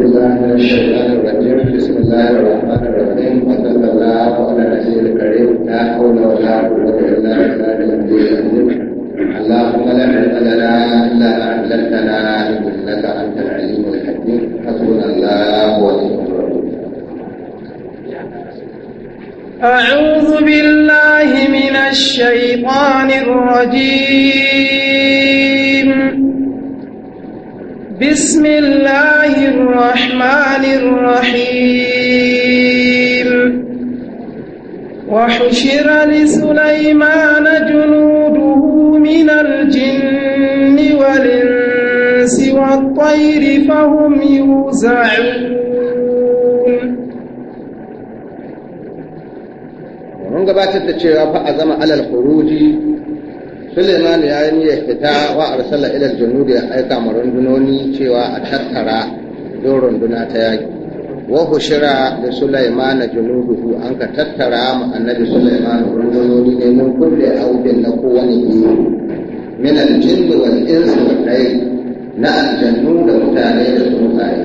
بسم الله الرحمن الرحيم وصلى الله على الكريم لا حول ولا قوة إلا بالله العلي العظيم اللهم لا علم لنا إلا ما علمتنا إنك أنت العليم الحكيم حسبنا الله أعوذ بالله من الشيطان الرجيم بسم الله الرحمن الرحيم وحشر لسليمان جنوده من الجن والإنس والطير فهم يوزعون mun gabatar da cewa على الخروج Suleiman ya yi niyyar fita wa arsala ila junud ya aika ma rundunoni cewa a tattara don runduna ta yaki wa hushira da Suleiman junuduhu an ka tattara ma annabi Suleiman rundunoni ne mun kulle audin na kowane biyu min jinn wal insi wal dai na aljannu da mutane da tsuntsaye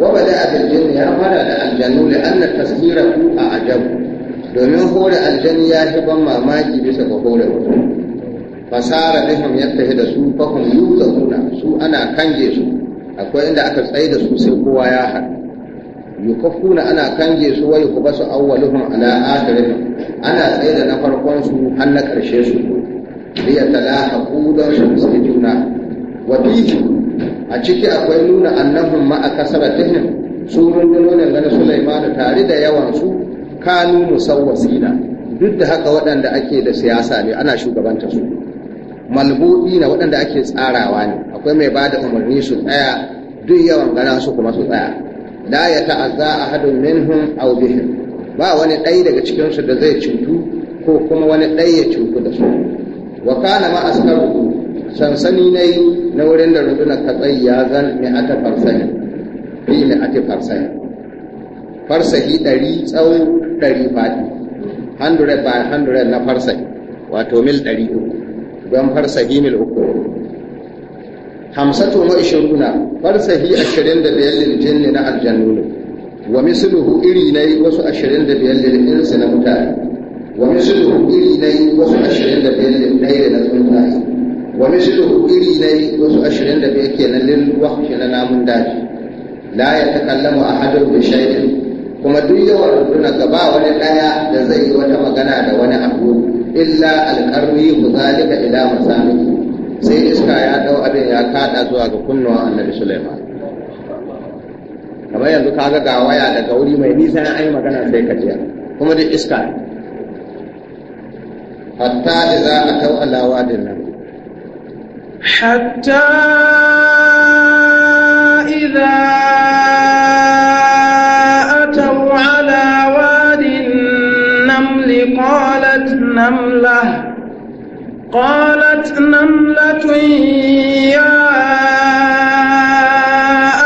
wa bada jinn ya fara da aljannu li anna tasmirahu a ajabu domin hore aljanni ya fi ban mamaki bisa ga hore mutum fasara bihim yattahi da su fahum kuna su ana kange su akwai inda aka tsaye da su sai kowa ya haɗu yukaffuna ana kange su wai ku basu awwaluhum ala akhirihim ana tsaye da na farkon su har na karshe su liya talahaqu su suke juna wa a ciki akwai nuna annahum ma akasaratihim su rundunonin gani Sulaiman tare da yawan su kanu musawwasina duk da haka waɗanda ake da siyasa ne ana shugabanta su malbuɗi na waɗanda ake tsarawa ne akwai mai ba da umarni su tsaya duk yawan gana su kuma su tsaya la ya ta'azza ahadun minhum aw bihim ba wani ɗaya daga cikinsu da zai cutu ko kuma wani ɗaya ya cutu da su wa kana ma askaru sansani na wurin da rundunar katsai ya zan mai ata farsani fi mai ata farsani farsahi ɗari tsawo ɗari faɗi 100 by 100 na farsahi wato mil ɗari uku don farsahi mil uku hamsatu wa ishiruna farsahi ashirin da biyar lil jinni na aljannu wa misluhu iri na wasu ashirin da biyar lil insi na mutane wa misluhu iri na wasu ashirin da biyar lil ɗaya na tsuntsaye wa misluhu iri na wasu ashirin da biyar kenan lil wahshi na namun daji la ya takallamu ahadun bi shay'in kuma duk yawan ga gaba wani ɗaya da zai yi wata magana da wani abu illa alƙarni mu ila masami sai iska ya dau abin ya kada zuwa ga kunnuwan annabi Sulaiman kamar yanzu kaga ga waya daga wuri mai nisa ya yi magana sai ka jiya kuma duk iska hatta da za a tau alawa din nan hatta idza قالت نملة يا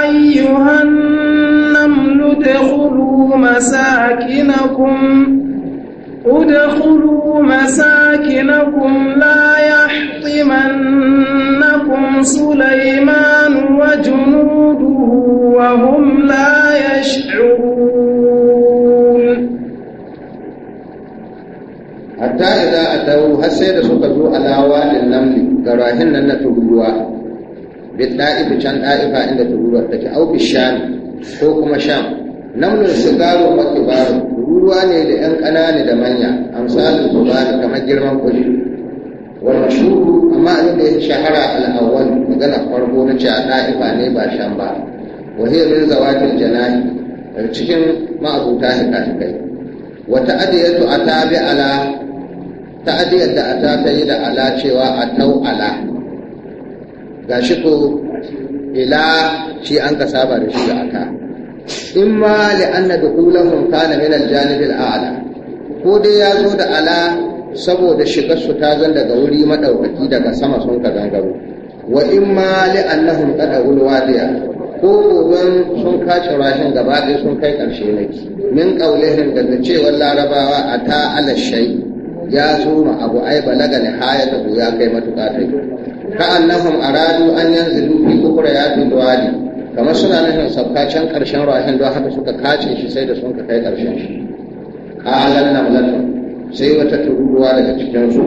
أيها النمل ادخلوا مساكنكم ادخلوا مساكنكم لا يحطمنكم سليمان وجنوده وهم لا يشعرون حتى tawo har sai da suka zo alawa da namli ga rahin nan na tururuwa bi da'ifu can da'ifa inda tururuwar take au bi sham ko kuma sham namlin sigaro wa ba tururuwa ne da yan ƙanani da manya amsalin da kamar girman kudi. wa mashuhu amma an da ya shahara al-awwal magana farko na ce a da'ifa ne ba sham ba wa hiya min zawatil janahi cikin ma'abuta kai. wata adiyatu a ala ta'adiyar da ta ta yi da ala cewa a tau ala ga shi ko ila shi an ka saba da shi da aka in ma li anna dukulahum kana min al ala ko dai ya zo da ala saboda shiga su ta zan daga wuri madaukaki daga sama sun ka gangaro wa in ma li annahum qad wadiya ko goben sun kace rashin gaba ɗaya sun kai ƙarshe ne min ƙaulihin daga cewar larabawa a ta ala shai ya suma abu ai balaga ne haya ta ya kai matuƙa ta ka annahum aradu an yanzilu fi ukhrayati duwali kamar suna nufin sabka can karshen rahin don haka suka kace shi sai da sun kai ƙarshen shi qalan namlatu sai wata tururuwa daga cikin su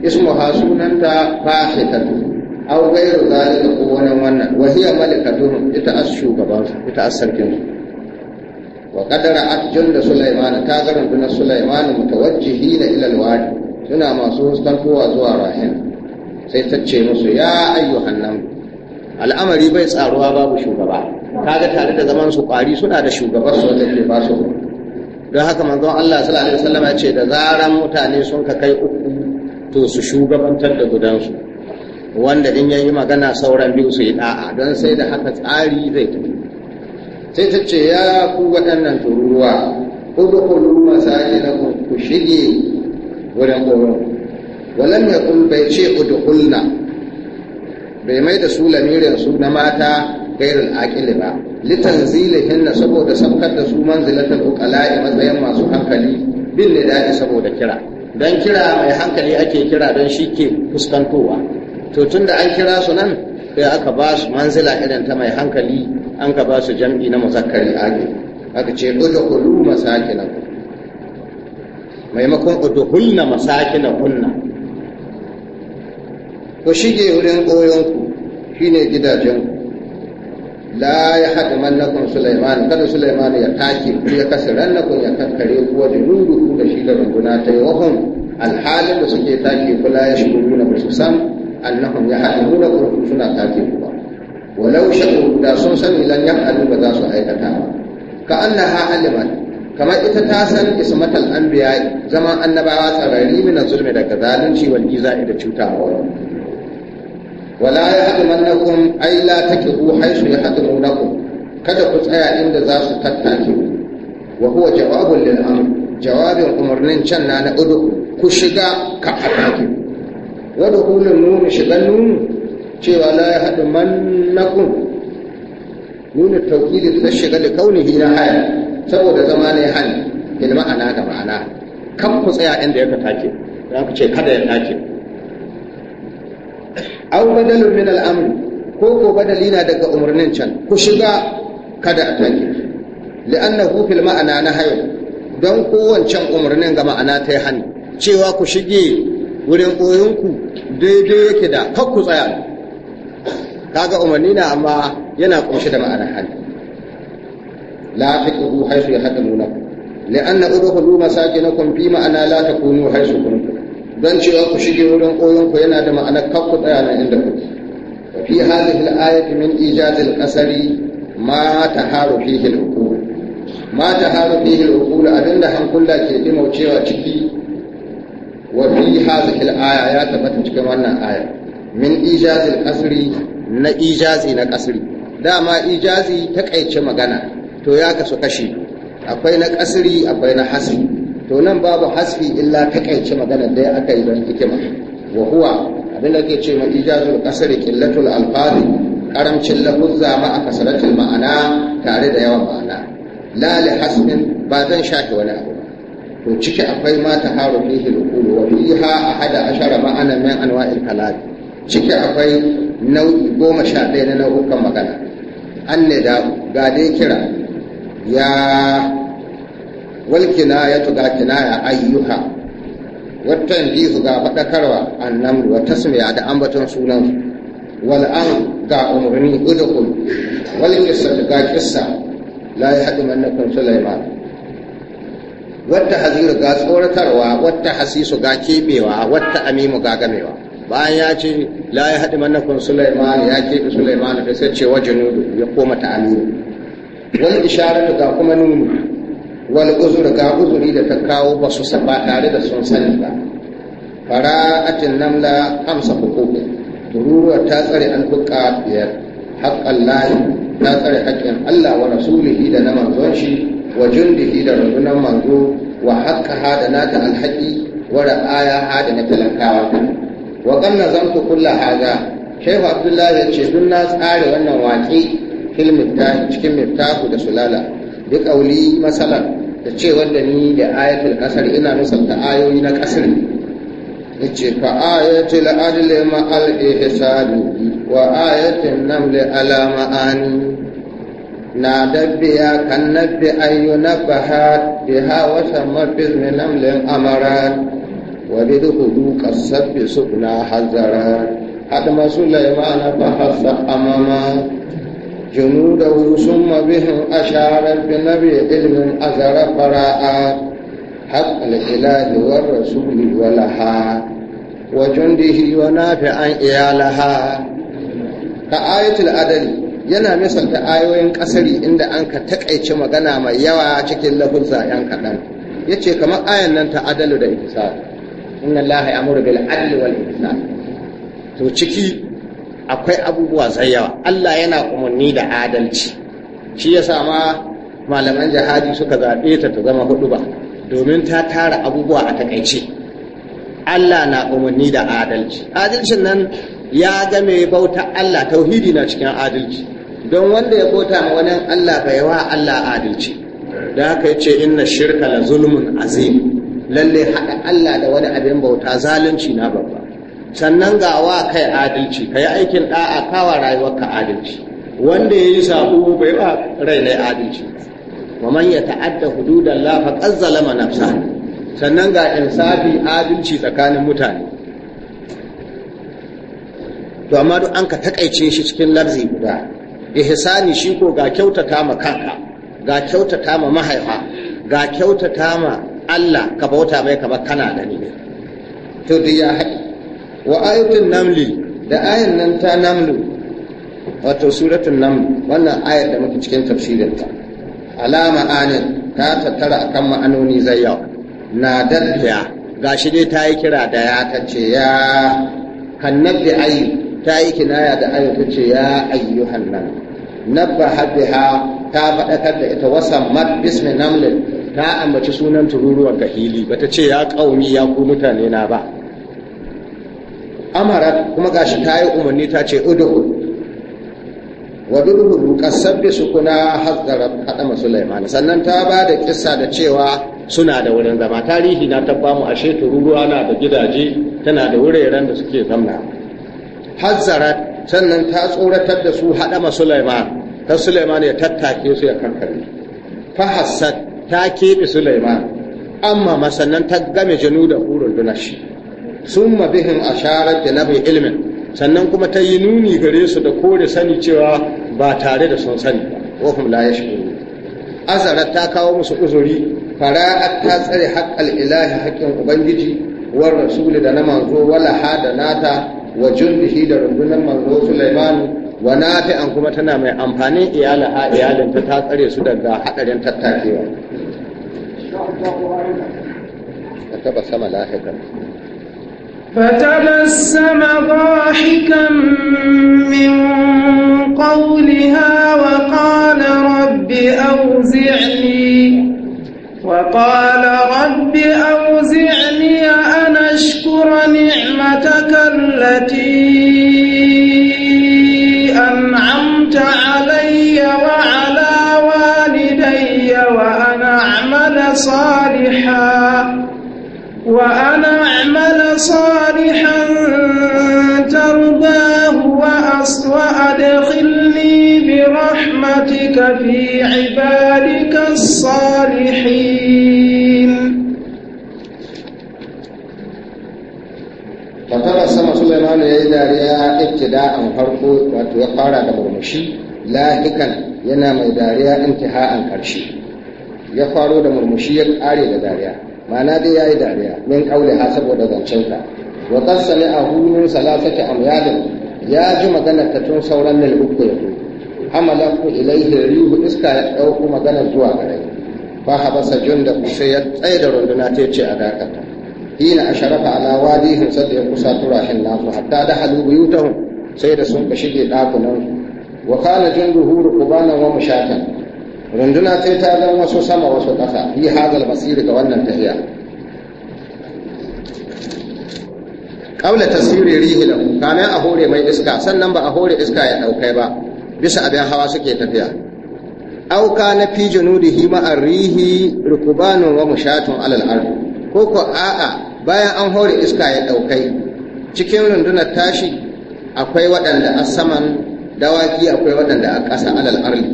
ismuha sunanta fahitatu aw gairu zalika ko wannan wannan wa hiya malikatuhum ita as shugaban ita as sarkin su wa qadara atjul da sulaiman ta ga rundunar sulaiman mutawajjihina ila alwadi suna masu huskantowa zuwa rahim sai ta ce musu ya ayyuhan nan al'amari bai tsaruwa babu shugaba kaga tare da zaman su kwari suna da shugabar su wanda ke ba don haka manzon Allah sallallahu alaihi wasallam ya ce da zaran mutane sun ka kai uku to su shugabantar da gudansu wanda in yayi magana sauran biyu su yi da'a don sai da haka tsari zai tafi sai ta ce ya ku waɗannan tururuwa ko da ku shige wurin koron walam kun bai ce ku udkhulna bai mai da su lamirin su na mata gairin aqili ba hinna saboda saukar da su manzilatul uqala'i matsayin masu hankali bin daɗi saboda kira dan kira mai hankali ake kira don shi ke fuskantowa to tunda an kira su nan sai aka ba su manzila irin ta mai hankali an ka ba su jam'i na muzakkari ake aka ce na masakinakum maimakon na masakinakunna ku shige wurin shi shine gidajenku la ya haɗu mallakon Sulaiman kada Sulaiman ya take ku ya kasa rannakon ya kankare ku wa nuru ku da shi da runguna ta wahum alhalin da suke take ku la ya shuru na ba su san annahum ya haɗu nuna ku suna take ku ba walau sha'u da sun sani lan ya'alu ba za su aikata Ka ka annaha alimat kamar ita ta san ismatal anbiya zaman annabawa tsarari min zulmi daga zalunci wal iza'i da cutawa wala yahdumannakum ay la taqihu haythu yahdumunkum kada ku tsaya inda za su tattake wa huwa jawabun lil amr jawabin umarnin can na na udu ku shiga ka atake wa dukulun nun shigan nunu? cewa la ya haɗu mannakun nuna tauƙili ta shiga da kaunihi na haya saboda zama ne hali bil ma'ana da ma'ana kan ku tsaya inda ya ke? za ku ce kada ya take aw badalu min al-amr ko ko badali na daga umarnin can ku shiga kada a take li'annahu fil ma'ana na hayo don kowancan umarnin ga ma'ana ta yi hani cewa ku shige wurin koyonku daidai yake da kakku tsaya kaga umarni na amma yana kunshi da ma'anar hali la taqihu haythu yahdamuna li'anna udkhulu masakinakum fi ma'ana la takunu haythu kunu dan cewa ku shige wurin koyon ku yana da ma'anar kakku tsaya nan inda kuke fi hadhihi al-ayati min ijazil qasari ma taharu fihi al-uqul ma taharu fihi al-uqul abinda hankula ke dimaucewa ciki wa fi hadhihi al ya tabbata cikin wannan aya min ijazil qasri na ijazi na kasri dama ijazi ta ƙaice magana to ya kasu kashi akwai na kasri akwai na hasri to nan babu haski illa ta ƙaice magana dai aka yi don hikima wa huwa abinda ke ce ma ijazul kasiri killatul alfadi karamcin lafuzza ma a kasaratul ma'ana tare da yawan ma'ana la li hasbin ba zan shafi wani abu to ciki akwai ma taharu fihi al-qulu wa fiha ahada ashara ma'ana min anwa'il kalam ciki akwai nau'i goma sha ɗaya na nau'ukan magana an ne da ga dai kira ya walkina ya tuga kina ya ayyuka Wata yanzu su ga faɗakarwa annan wa tasmiya da ambaton sunan wal'an ga umarni udukul wal kissa ga kissa la ya haɗu mannakun sulaiman wata haziru ga tsoratarwa wata hasisu ga kebewa wata amimu ga gamewa bayan ya ce la ya haɗi mannakun Sulaiman ya keɓe Sulaiman da sai ce waje nudu ya koma ta aliyu wani isharar ga kuma nuni wani uzuri ga uzuri da ta kawo ba su saba tare da sun sani ba nan namla amsa hukuku tururuwa ta tsare an buƙa biyar haƙƙan layi ta tsare haƙƙin Allah wa rasulihi da na manzon shi wa jundihi da rundunar manzo wa haƙƙa ha da nata alhaƙi wa ra'aya ha na talakawa wa kan nazamtu kulla haza shehu abdullahi ya ce duk na tsare wannan waƙi ta cikin miftahu da sulala bi qauli masalan da ce wanda ni da ayatul kasar ina nusanta ayoyi na kasar ya ce fa ayatul adli ma al ihsadu wa ayatul naml ala ma'ani na dabbiya kan nabbi ayyuna bahat biha wa samma bi namlin amara wani duhu duka sabbi su na hazara adama su laima na ba hasa amama jinu da wurusun mabihin asharar bi na bi ilimin azara fara'a haƙƙal ilahi wa rasuli wa laha wa jundihi wa nafi an iyalaha ta ayatul adali yana misalta ayoyin ƙasari inda an ka takaice magana mai yawa cikin lafuzza yan kaɗan ya ce kamar ayan nan ta adalu da ikisar inna ya amuru bil adli wal ihsan to ciki akwai abubuwa zai yawa Allah yana umarni da adalci shi yasa ma malaman jihadi suka zaɓe ta ta zama hudu ba domin ta tara abubuwa a takaice Allah na umarni da adalci adalcin nan ya ga mai bauta Allah tauhidi na cikin adalci don wanda ya bauta ma wani Allah bai wa Allah adalci da haka yace inna shirka la zulmun azim lalle haɗa Allah da wani abin bauta zalunci na babba sannan ga wa kai adalci ka yi aikin ɗa'a kawa rayuwarka adalci wanda ya yi saƙo bai ba rai na adalci wa man ya ta'adda hududan la faqad zalama nafsa sannan ga insafi adalci tsakanin mutane to amma duk an ka takaice shi cikin larzi guda ihsani shi ko ga kyautata ma kanka ga kyautata ma mahaifa ga kyautata ma Allah ka bauta mai kamar kana da ni to dai ya haɗi wa ayatun namli da ayan nan ta namlu wato suratun namlu wannan ayar da muke cikin tafsirinta alama anin ta tattara akan ma'anoni zai yau na daddiya gashi dai ta yi kira da ya ta ce ya hannar bi ayu ta yi kinaya da ayu ta ce ya ayyuhan nan nabba ha ta faɗakar da ita wasan mat bismi namlin ta ambaci sunan tururuwan kahili, bata ce ya kaumi ya ku mutane na ba amarat kuma gashi ta yi umarni ta ce udu wa dudu kasabbi su hazzara hadama sulaiman sannan ta ba da kissa da cewa suna da wurin zama tarihi na tabba mu ashe tururuwa na da gidaje tana da wuraren da suke zamna hazzara sannan ta tsoratar da su hadama sulaiman ta sulaiman ya tattake su ya kankare fa hasad ta keɓe Sulaiman amma masannan ta game janu da hurun dunashi sun mabihin a sharar da na bai ilimin sannan kuma ta yi nuni gare su da kore sani cewa ba tare da sun sani wahum la ya shigo azarar ta kawo musu uzuri a ta tsare haƙƙal ilahi haƙƙin ubangiji war rasuli da na manzo walaha da nata wa jundihi da rundunar manzo sulaimanu wa nafi'an kuma tana mai amfanin iyalaha iyalinta ta tsare su daga hadarin tattakewa فتبسم لاحقا فتبسم ضاحكا من قولها وقال رب أوزعني وقال رب أوزعني أن أشكر نعمتك التي أنعمت علي وعلى والدي وأنا أعمل صالحا وأن أعمل صالحا ترضاه وأدخلني برحمتك في عبادك الصالحين fatara sama sulaimanu ya yi dariya ibtida'an farko wato ya fara da murmushi lahikan yana mai dariya intiha'an karshe ya faro da murmushi ya kare da dariya ma'ana dai ya yi dariya min kaule ha saboda zancenka wa a hulun min salasati amyalin ya ji maganar ta tun sauran nil uku ya amala ku ilaihi rihu iska ya dauko maganar zuwa gare fa habasa junda sai ya tsaye da runduna ta ce a dakata hina asharaka ala wadihim sadda ya kusa turashin nasu hatta da halu buyutahum sai da sun ka shige dakunan wa kana junduhu rukubanan wa mushatan runduna sai ta zama wasu sama wasu ƙasa fi hadal basir ga wannan tafiya kaula tasiri rihi da a hore mai iska sannan ba a hore iska ya ɗaukai ba bisa abin hawa suke tafiya Ɗauka na fi junudihi ma'ar rihi rukubanan wa mushatun alal ardi ko ko a'a bayan an hore iska ya ɗaukai cikin rundunar tashi akwai waɗanda a saman dawaki akwai waɗanda a ƙasa alal arli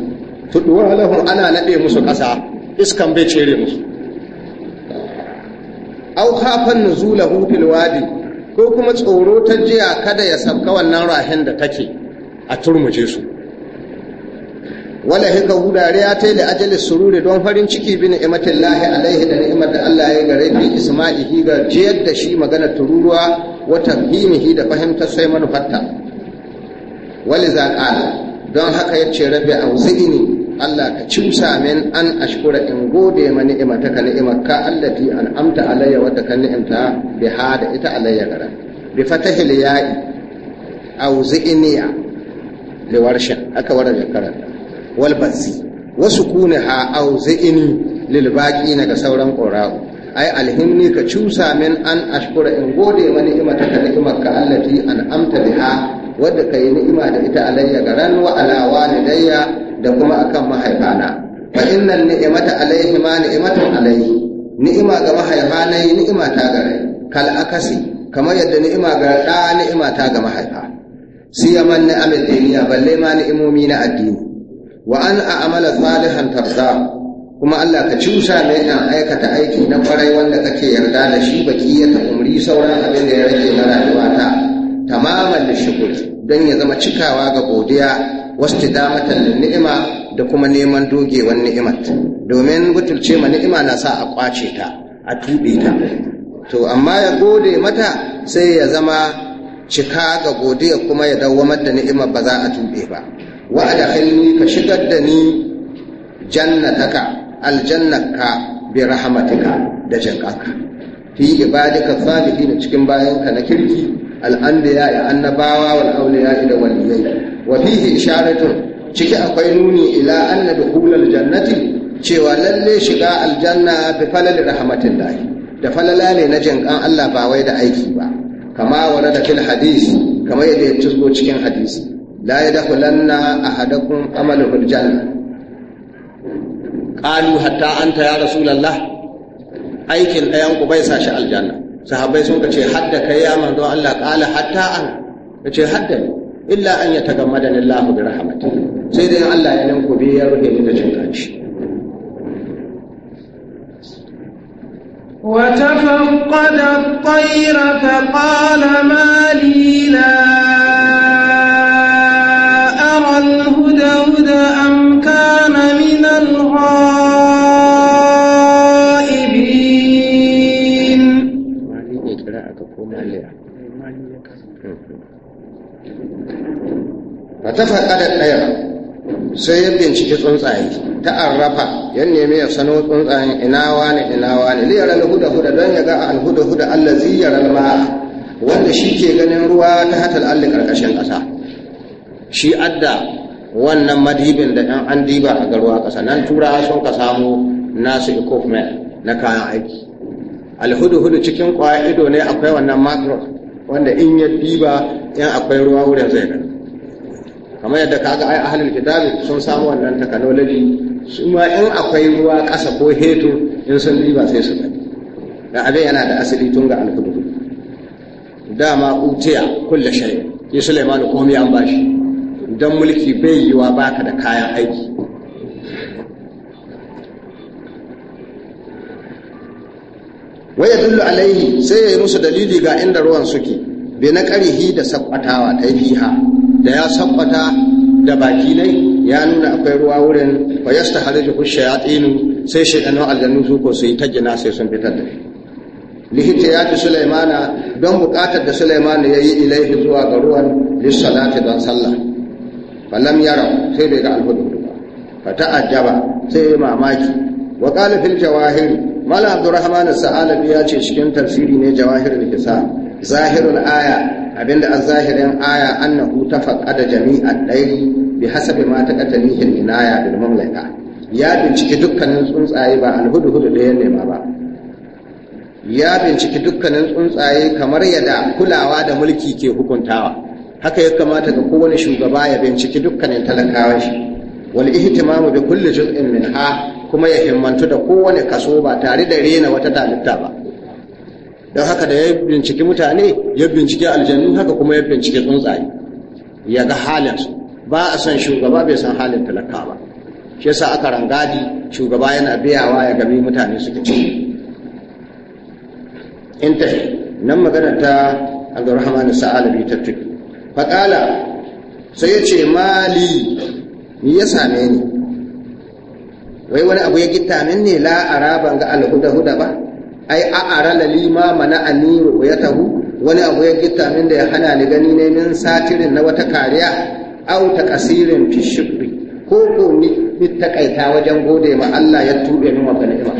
tuɗuwar alahu ana naɗe musu ƙasa iskan bai cere musu au hafan nuzulahu fil wadi ko kuma tsoro ta jiya kada ya sabka wannan rahin da take a turmuje su wala hika wurare ya taile ajali sururi don farin ciki bi ni'imatin lahi alaihi da ni'imar da Allah ya gare bi isma'ihi ga jiyar da shi magana tururuwa wata bimihi da fahimtar sai manufarta wali zaƙala don haka ya ce rabbi auzi'ini Allah ka cusa min an ashkura in gode ma ni'imata ka ni'imarka allati an'amta alayya wata ka ni'imta biha da ita alayya gara bi fatahil ya'i ya liwarshin aka warje karanta walbatsi wasu wasu ha au zaini lil na ga sauran qura'u ai alhimni ka cusa min an ashkura in gode wa ni'imata ka ni'imarka an amta biha wadda ka yi ni'ima da ita alayya ga ran wa ala walidayya da kuma akan mahaifana fa innal ni'imata alayhi ma ni'matun alayhi, ni'ima ga mahaifana ni'ima ta gare kal akasi kamar yadda ni'ima ga da ni'ima ta ga mahaifa siyaman ni'amal dunya balle ma ni'imomi na addini wa an a'amala salihan tarza kuma Allah ka cusa ne in aikata aiki na kwarai wanda kake yarda da shi baki ya ta umri sauran abin da ya rage na rayuwata tamaman da shukr don ya zama cikawa ga godiya wasu damatan lin ni'ima da kuma neman dogewar ni'imat domin butulce ma ni'ima na sa a kwace ta a tuɓe ta to amma ya gode mata sai ya zama cika ga godiya kuma ya dawwamar da ni'imar ba za a tuɓe ba wa halin ka shigar da ni jannataka aljannaka bi rahmatika da jinkaka fi ibadika salihin cikin bayan ka na kirki al-anbiya ya annabawa wal awliya da waliyai wa fihi isharatu ciki akwai nuni ila anna dukhulal jannati cewa lalle shiga aljanna bi falal rahmatin lahi da falala ne na jinkan Allah ba wai da aiki ba kama warada fil hadisi kama yadda ya cikin hadisi la yadkhulanna ahadakum amaluhu aljanna qalu hatta anta ya rasulullah aikin ɗayan ku bai sa shi aljanna Sahabai sun ce hadda kai ya manzo Allah qala hatta an ce hadda illa an yatagammadani Allah bi rahmatihi sai dai Allah ya nan ku bi ya rufe ni da cin Wata وتفقد الطير فقال ما لي لا ba ta faɗaɗa ɗaya sai ya binciki tsuntsaye ta arrafa ya nemi ya sano tsuntsayen ina wani ina wani liyar alhuda huda don ya ga alhuda huda Allah ziyar alma wanda shi ke ganin ruwa ta hatar alli ƙarƙashin ƙasa shi adda wannan madibin da ɗan an diba a garuwa ƙasa nan tura sun ka samu nasu equipment na kayan aiki alhudu cikin ƙwaya ido ne akwai wannan makro wanda in ya diba yan akwai ruwa wurin zai gani kamar yadda kaga ai ahlul kitab sun samu wannan technology su ma in akwai ruwa kasa ko heto in sun ba sai su gani da abin yana da asali tun ga alhudu dama utiya kulle shari ya sulaimanu komai an bashi don mulki bai yiwa baka da kayan aiki waya dullu alaihi sai ya yi musu dalili ga inda ruwan suke bai na karihi da sakwatawa ta yi fiha da ya sabbata da baki ne ya nuna akwai ruwa wurin wa yastahriju tsinu sai shaytanu aljannu su ko sai tajina sai sun fitar da Likita ya ci sulaimana don bukatar da sulaimana ya yi ilaihi zuwa ga ruwan lissalati don sallah falam yara sai bai ga alhudu ba fa ta'ajjaba sai ya mamaki wa qala fil jawahiri mala abdurrahman as-sa'alabi ya ce cikin tafsiri ne da kisa, zahirul aya abinda an zahirin aya annahu tafaqqada jami'an dairi bi hasabi ma taqaddamihi al-inaya bil mamlaka ya binciki dukkanin tsuntsaye ba alhudhud da ya nema ba ya binciki dukkanin tsuntsaye kamar yadda kulawa da mulki ke hukuntawa haka ya kamata ga kowane shugaba ya binciki dukkanin talakawa shi wal ihtimamu bi kulli juz'in minha kuma ya himmantu da kowane kaso ba tare da rena wata dalilta ba don haka da ya binciki mutane ya binciki aljannu haka kuma ya binciki tsuntsaye ya ga halinsu ba a san shugaba bai san halin talaka ba shi yasa aka rangadi shugaba yana biyawa ya gami mutane suke ci in ta nan magana ta abdurrahman sa'alabi ta tuki faƙala sai ya ce mali ni ya same ni wai wani abu ya gita min ne la araban ga alhuda huda ba ai ara lalima mana aniru ya tahu wani abu ya gita min da ya hana ni gani ne min satirin na wata kariya au ta kasirin fi ko ko ni takaita wajen gode ma Allah ya tube min wata ni'ima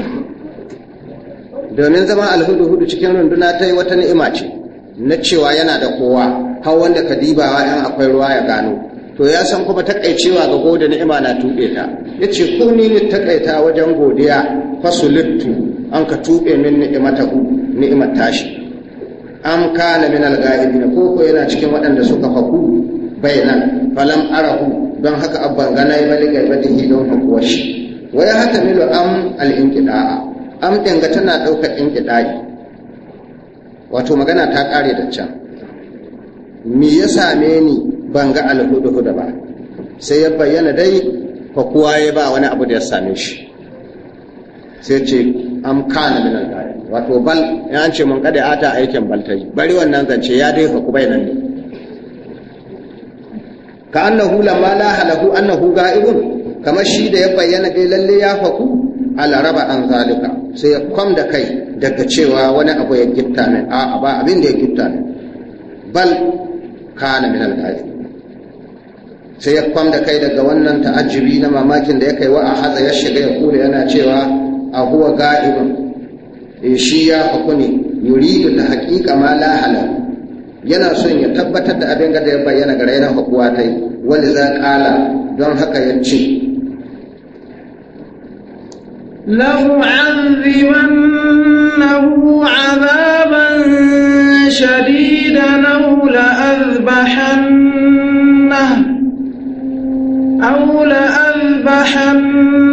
domin zama alhudu hudu cikin runduna ta yi wata ni'ima ce na cewa yana da kowa har wanda ka dibawa 'yan akwai ruwa ya gano to ya san kuma takaicewa ga gode ni'ima na tuɓe ta ya ce ko ni ne wajen godiya fasulittu an ka tuɓe min ni'imatahu ni'imar tashi am kana min al-ghaibin ko ko yana cikin waɗanda suka faku bainan falam arahu don haka abban gana yi malika ibadihi don fakuwar shi waya haka hata milu am al-inqida'a am din tana ɗaukar inqida'i wato magana ta kare da can me ya same ni ban ga hudu ba sai ya bayyana dai fakuwa ya ba wani abu da ya same shi sai ce am kana min al wato bal ya ce mun kada ata aikin bal ta yi bari wannan zance ya dai fa kubai nan ne ka annahu lamma la halahu annahu ga'ibun kamar shi da ya bayyana dai lalle ya faku ala raba an zalika sai ya kwam da kai daga cewa wani abu ya gitta ne a ba abin da ya gitta ne bal kana min al sai ya kwam da kai daga wannan ta'ajjibi na mamakin da ya kai wa a haza ya shiga ya kula yana cewa a huwa e shi ya haku ne yuridu da haƙiƙa ma lahala yana son ya tabbatar da abin gada ya bayyana ga rainan haƙuwa ta yi wani za ƙala don haka ya ce لأعذبنه عذابا شديدا أو لأذبحنه أو لأذبحنه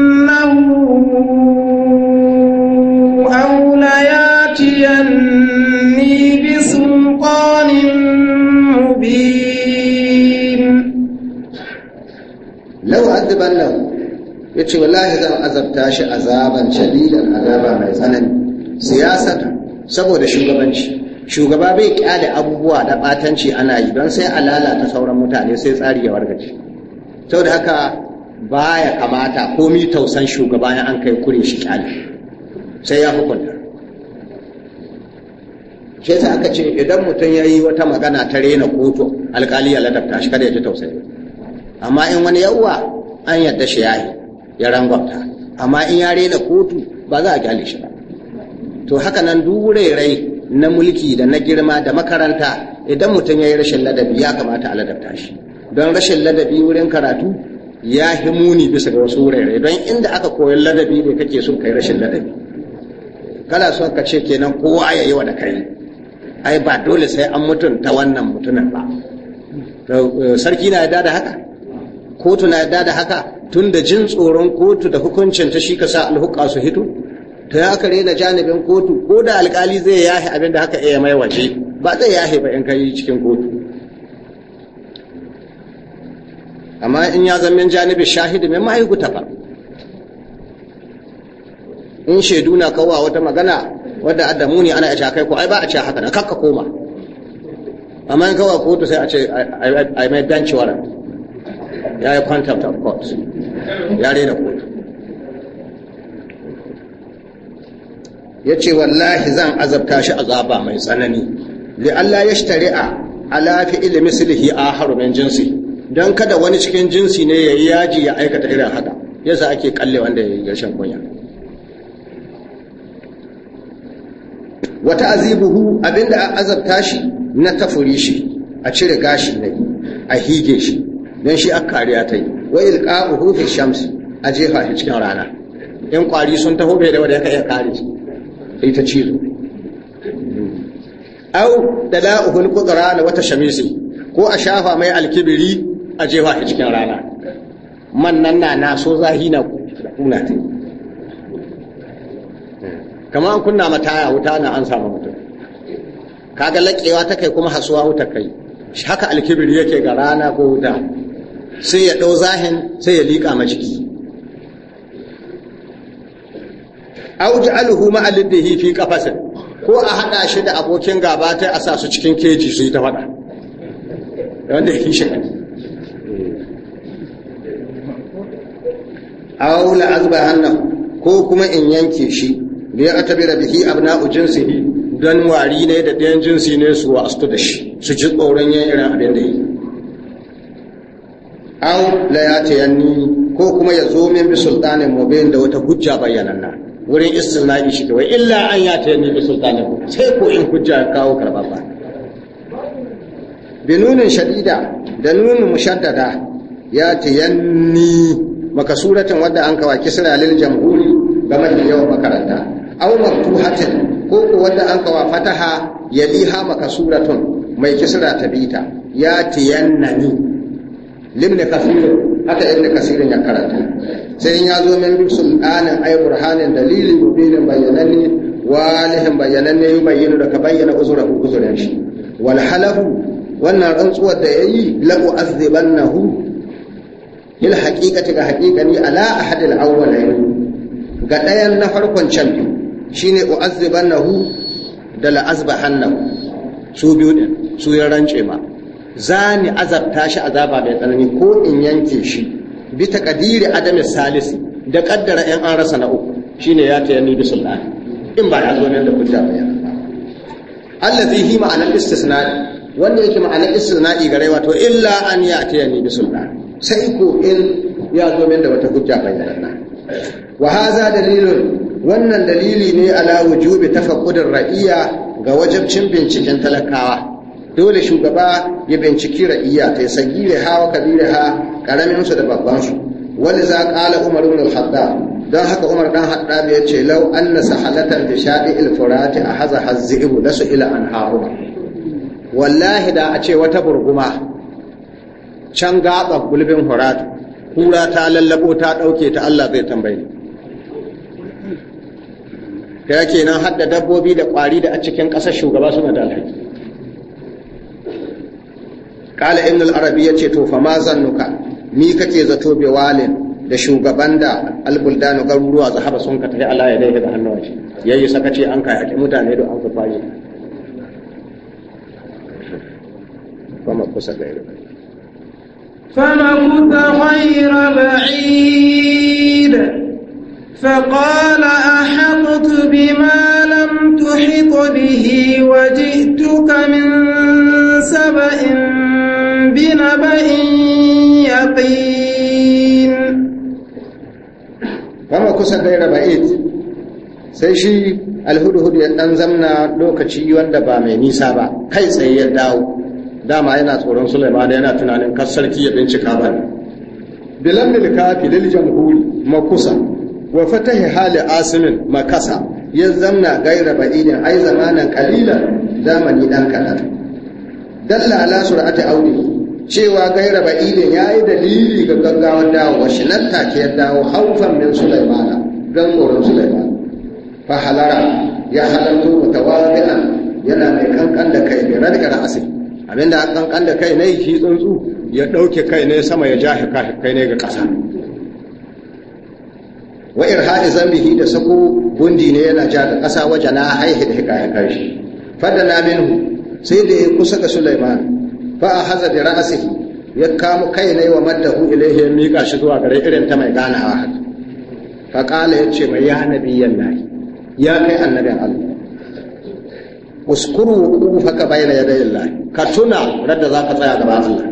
ya ce wallahi zan azabta shi azaban shadidan azaba mai tsanani siyasatu saboda shugabanci shugaba bai kyale abubuwa da batanci ana yi don sai a lalata sauran mutane sai tsari ya wargaje da haka baya kamata komi tausan shugaba ya an kai kure shi kyale sai ya hukunta shi yasa aka ce idan mutum ya yi wata magana ta rena kotu alkali ya ladabta shi kada ya ji tausayi amma in wani yawa an yadda shi yayi ya rangwamta amma in ya rena kotu ba za a kyale shi ba to haka nan duk wurare na mulki da na girma da makaranta idan mutum ya yi rashin ladabi ya kamata a ladabta shi don rashin ladabi wurin karatu ya fi muni bisa ga wasu wurare don inda aka koyi ladabi ne kake so kai rashin ladabi kana so ka ce kenan kowa ya yi wa da kai ai ba dole sai an mutunta wannan mutumin ba eh, sarki na yarda da haka kotu na yarda da haka tun da jin tsoron kotu da hukuncin ta shi ka sa alhuka su hito to ya kare na janibin kotu ko da alkali zai yahe abin da haka iya mai waje ba zai yahe ba in ka yi cikin kotu amma in ya zama min janibi shahidi mai guta ba in shaidu na kawo wata magana wadda adamu ne ana a kai ko ai ba a ce haka na kakka koma amma in kawo kotu sai a ce ai mai benci warrant ya yi of court ya rena kotu ya ce wallahi zan azabta shi azaba mai tsanani Allah ya shtari'a a alafi ilimin sulhi a harumin jinsi don kada wani cikin jinsi ne ya yi yaji ya aikata irin haka yasa ake kalle wanda ya yi garshen kunya wata azibuhu abinda a azabta shi na tafuri shi a cire gashi ne a hige shi don shi aka kariya ta yi wa ilqa'uhu fi Shams a jefa shi cikin rana in kwari sun taho bai da wanda ya iya kare shi sai ta cizo da da al-qudra la wata shamisi ko a shafa mai alkibiri a jefa shi cikin rana man nan na na so zahi na kuna ta kama an kunna mataya wuta na an samu mutum kaga laƙewa ta kai kuma hasuwa wuta kai haka alkibiri yake ga rana ko wuta sai ya ɗau zahin sai ya liƙa ma jiki auji alhu ma'aliddihi fi ƙafasin ko a haɗa shi da abokin gaba ta a sa su cikin keji su yi ta faɗa wanda ya fi shi kan aula azba hannan ko kuma in yanke shi da ya atabira bihi abna'u jinsi don wari ne da ɗayan jinsi ne su wasu da shi su ji tsoron yan irin abin da yi aw la yanni ko kuma ya zo min bi sultanin mubin da wata hujja nan wurin istinai shi kawai illa an ya yanni bi sultanin sai ko in hujja kawo karba ba binunin shadida da nunin mushaddada ya maka suratin wadda an kawa kisra lil jamhuri ga da yawan makaranta aw maftuhatin ko ko wadda an kawa fataha yaliha makasuratun mai kisra tabita ya tayannani limni kasirin haka inda kasirin ya karanta sai in ya zo min bi sultanin ay burhanin dalili mubinin bayyananne walihin bayyananne yi bayyana da ka bayyana uzurahu uzurin shi wal halafu wannan rantsuwar da yayi la'u azzibannahu il haqiqati ga haqiqani ala ahadil awwalayn ga dayan na farkon can biyu shine uazibannahu da la azbahannahu su biyu din su ya rance ma za ni azabta shi azaba mai tsanani ko in yanke shi bi kadiri adam salis da kaddara yan an rasa na uku shine ya ta yanni bisul in ba ya zo ne da hujja ba allazi hi ma'ana istisna wanda yake ma'ana istisna ga rayuwa to illa an ya ta yanni bisul sai ko in ya zo min da wata hujja bayyana wa haza dalilun wannan dalili ne ala wujubi tafaqqudir ra'iya ga wajibcin binciken talakawa dole shugaba ya binciki ra'iya ta yi sagire ha wa Kabiru ha karamin su da babban su wani za kala umar ibn al don haka umar dan haddad ya ce lau anna sahalatan bi shadi al-furati a haza hazzibu lasu ila an haru wallahi da a ce wata burguma can gaba gulbin furatu kura ta lallabo ta dauke ta Allah zai tambaye ta kenan hadda dabbobi da kwari da a cikin ƙasar shugaba suna da alhaki kala ibn al-arabi yace to fa ma zannuka mi kake zato bi walin da shugaban da al-buldanu garuruwa zahaba sun ka tafi Allah ya daidai da hannuwan shi yayi sakaci an kai haƙi mutane da an fafa shi kuma kusa ga irin فمكث غير بعيد فقال أحطت بما لم تحط به وجئتك من سبأ نبأ kusa da raba it sai shi alhudhud ya ɗan zamna lokaci wanda ba mai nisa ba kai tsaye ya dawo dama yana tsoron da yana tunanin kar sarki ya bincika ba bilan lil kafi lil ma kusa wa fatahi hali asimin makasa ya zamna gaira ba'idin ai zamanan kalilan zamani dan kadan dalla ala sur'ati audi cewa gaira ba'idin ya yi dalili ga gaggawar dawo shi nan take ya dawo haufan min sulaimana don tsoron sulaimana fa halara ya halarto mutawadi'an yana mai kankan da kai mai radika na asiri abinda an kankan da kai ne shi tsuntsu ya ɗauke kai ne sama ya ja kai ne ga ƙasa wa irhaɗi zambihi da sako gundi ne yana ja da ƙasa wajen na haihi da hikayen karshe fadda na minhu sai da ya kusa ga sulaimana fa haza bi ra'sihi ya kamo kai ne wa maddahu ilaihe ya miƙa shi zuwa gare irin ta mai ganawa haka fa ya ce mai ya yan lahi ya kai annabin Allah uskuru bayyana ya yaday lahi ka tuna radda ka tsaya gaba Allah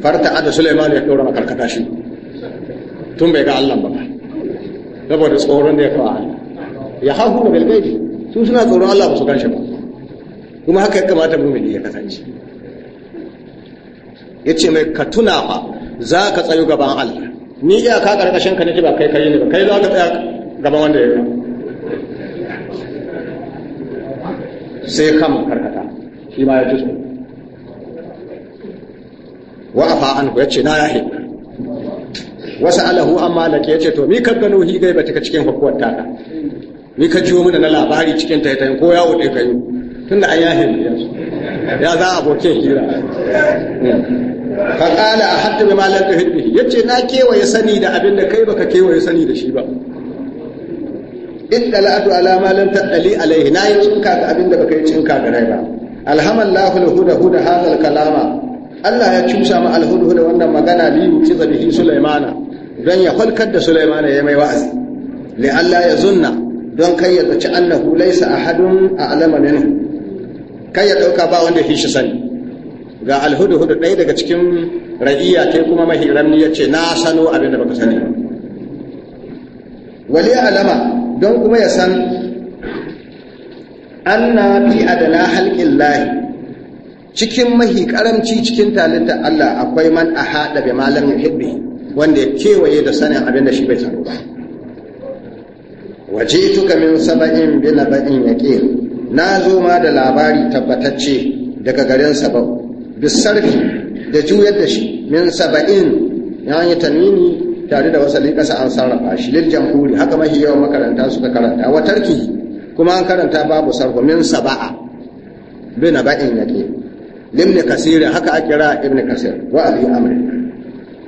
farta ada Suleiman ya dora makarkata shi tun bai ga Allah ba saboda tsoron da ya kawo ya hahu da gaibi su suna tsoron Allah ba su gan shi ba kuma haka ya kamata mumini ya kasance ya ce mai ka tuna fa za ka tsayo gaban Allah ni iya ka karkashin ka nake ba kai kai ne ba kai za ka tsaya gaban wanda ya sai kama karkata shi ma ya ji su. wa afa an ku yace na yahe Wasu alahu amma laki yace to mi kan gano higai ba cika cikin hukumar taka mi ka jiyo mana na labari cikin taitayin ko yawo ɗaya kayo tun da an ya ya za a abokin hira ka kala a hatta bi malam ta hibbi ya ce na kewaye sani da abin da kai baka kewaye sani da shi ba in la'adu ala malam ta alaihi na yi cinka ga abin da baka yi cinka ga rai ba alhaman lahu da huda hadal kalama Allah ya cusa ma alhudu da wannan magana li yuqiza bihi sulaimana don ya falkar da sulaimana ya mai wa'azi li Allah ya zunna don kai ya zaci annahu laysa ahadun a minhu kai ya ɗauka ba wanda fi shi sani ga alhudu-hudu ɗaya daga cikin ra'iya ta kuma mahi ramni ya ce na sano abin da baka sani wali alama don kuma ya san anna fi adana halƙin lahi cikin mahi karamci cikin talinta Allah akwai man a haɗa bai malam ya wanda ya kewaye da sanin abin da shi bai sanu ba waje tuka min saba'in bi na ba'in ya na zo ma da labari tabbatacce daga garin sabau bisarfi da juyar da shi min saba'in ya yi tanini tare da wasu ƙasa an sarrafa shi lil jamhuri haka mahi yawan makaranta suka karanta wa tarki kuma an karanta babu sarfa min saba'a bi ya yake limni kasirin haka a kira ibn kasir wa abi amr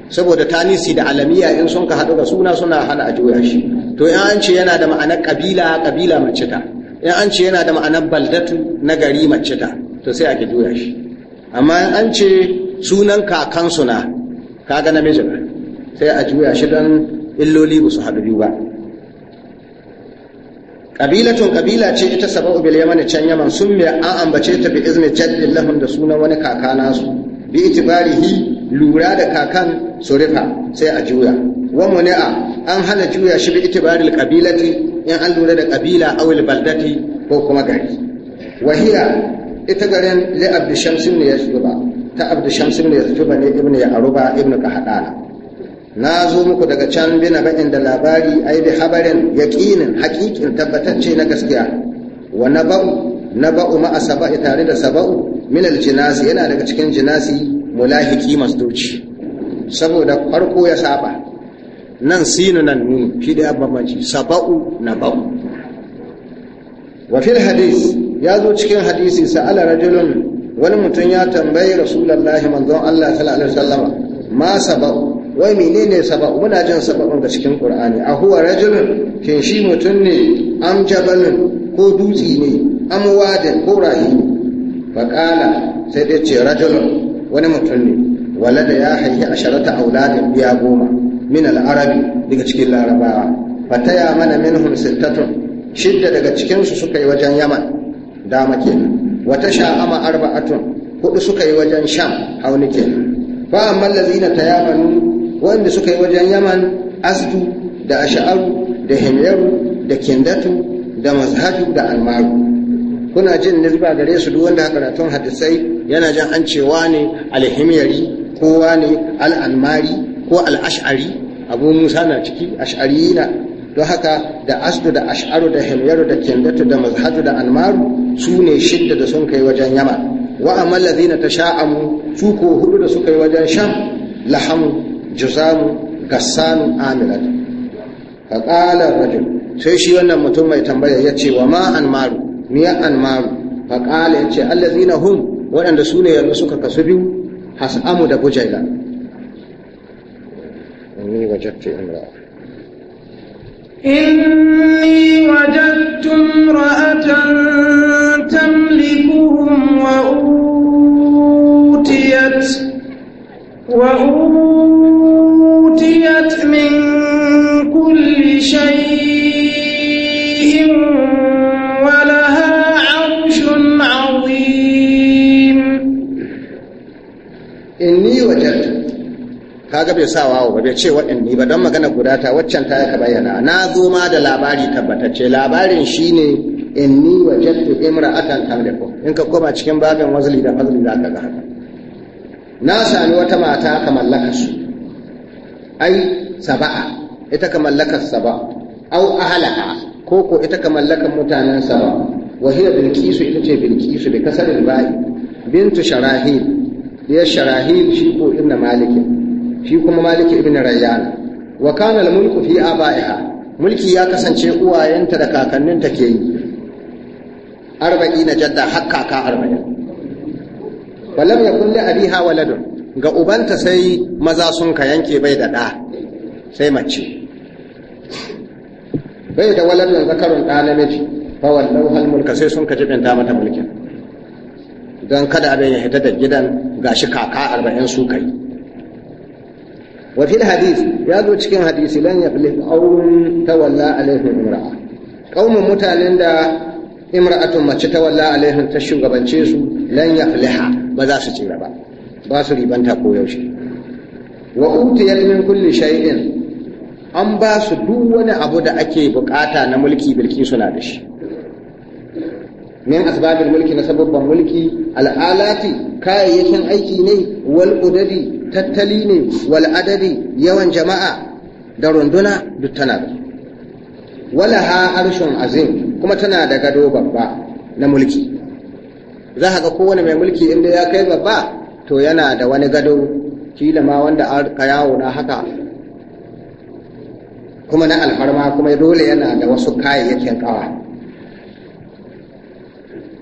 saboda tanisi da alamiya in sun ka haɗu ga suna suna hana a juya shi to in an ce yana da ma'anar kabila kabila mace ta in an ce yana da ma'anar baldatu na gari mace ta to sai ake juya shi amma in an ce sunan kakansu na kaga namiji ba sai a juya shi don illoli ba su haɗu ba ƙabilatun ƙabila ce ita saba'u bil yamani can yaman sun mai an ambace ta bi izini jaddin lahun da sunan wani kaka nasu bi itibarihi lura da kakan surifa sai a juya wa mun'a an hana juya shi bi itibaril ƙabilati in an lura da ƙabila awil baldati ko kuma gari wahiya ita garin li abdu shamsin ne ya zuba ta abdu shamsin ne ya zuba ne ibn ya aruba ibn kahadana na zo muku daga can na ba'in da labari ai bi habarin yaqinin haqiqin tabbatacce na gaskiya wa naba'u naba'u ma'a saba'i tare da saba'u min jinasi yana daga cikin jinasi mulahiki masdoci saboda farko ya saba nan sinu nan nun shi da bambanci saba'u na ba'u wa fil hadis ya zo cikin hadisi sa'ala rajulun wani mutum ya tambayi rasulullahi manzon Allah sallallahu alaihi wasallama ma saba'u wai menene saba'u muna jin saba'un ga cikin qur'ani a huwa rajulun kin shi mutum ne am jabalun ko dutsi ne am wadin ko rahi faqala sai dai ce rajulun wani mutum ne walada ya hayya asharata auladin biya goma min al daga cikin larabawa fataya mana minhum sittatun shidda daga cikin suka yi wajen yaman dama kenan wata sha'ama arba'atun hudu suka yi wajen sham Ba kenan fa amma ta tayamanu wanda suka yi wajen yaman asdu da ash'aru da himyaru da kindatu da mazhabu da almaru kuna jin nisba gare su duk wanda karatun hadisai yana jan an cewa ne alhimyari kowa ne al'almari ko Al'ashari, abu musa na ciki ash'ari na don haka da asdu da ash'aru da himyaru da kindatu da mazhaju da almaru su ne shidda da sun kai wajen yama wa amal ladina tasha'amu su ko hudu da suka yi wajen sham lahamu juzamu gassanu amilat fa qala rajul sai shi wannan mutum mai tambaya ya ce wa ma anmaru miya Almaru. fa qala ya ce allazina hun waɗanda su ne yanzu suka kasu biyu has'amu da bujaila إني وجدت امرأة إني وجدت امرأة تملكهم وأوتيت وأوتيت من كل شيء kaga bai sa wawo ba bai ce waɗanne ba don magana guda ta waccan ta ka bayyana na zo ma da labari tabbatacce labarin shine inni wajadtu imra'atan tamliku in ka koma cikin babin wazli da fazli za ka ga haka na sami wata mata ka mallaka su ai saba'a ita ka mallaka saba au ahlaha ko ko ita ka mallaka mutanen saba wa hiya bilqisu ita ce bilqisu bi kasar ba'i bintu sharahil ya sharahil shi ko inna malikin shi kuma Maliki, ibn rayyan wa kana al-mulku fi aba'iha mulki ya kasance uwayenta da kakanninta ke yi arba'i na jadda har kaka arba'in falam ya kulle abiha waladun ga ubanta sai maza sun ka yanke bai da ɗa sai mace bai da waladun zakarun ɗa namiji fa wallahu hal mulka sai sun ka jibinta mata mulkin don kada abin ya hita da gidan gashi kaka arba'in su kai wa fil ya zo cikin hadisi lan yaflih qaumun tawalla alaihim imra'a qaumun mutanen da imra'atun mace tawalla alaihim ta shugabance su lan yafliha ba za su tsira ba ba su ribanta ko yaushe wa utiyat min kulli shay'in an ba su duk wani abu da ake bukata na mulki bilki suna da shi min asbabil mulki na sababban mulki al'alati kayayyakin aiki ne wal udadi tattali ne wal adadi yawan jama'a da runduna duk tana da wala ha arshun azim kuma tana da gado babba na mulki za ka ga kowane mai mulki inda ya kai babba to yana da wani gado kila ma wanda ka yawo na haka kuma na alfarma kuma dole yana da wasu kayayyakin kawa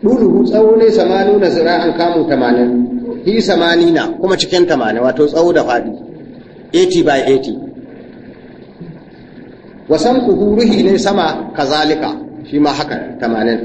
ɗuluhu tsawo ne samanu na zira'an kamun tamanin fi samanina kuma cikin tamanin wato tsawo da faɗi 80 by 80 wasan ruhi ne sama kazalika shi ma haka tamanin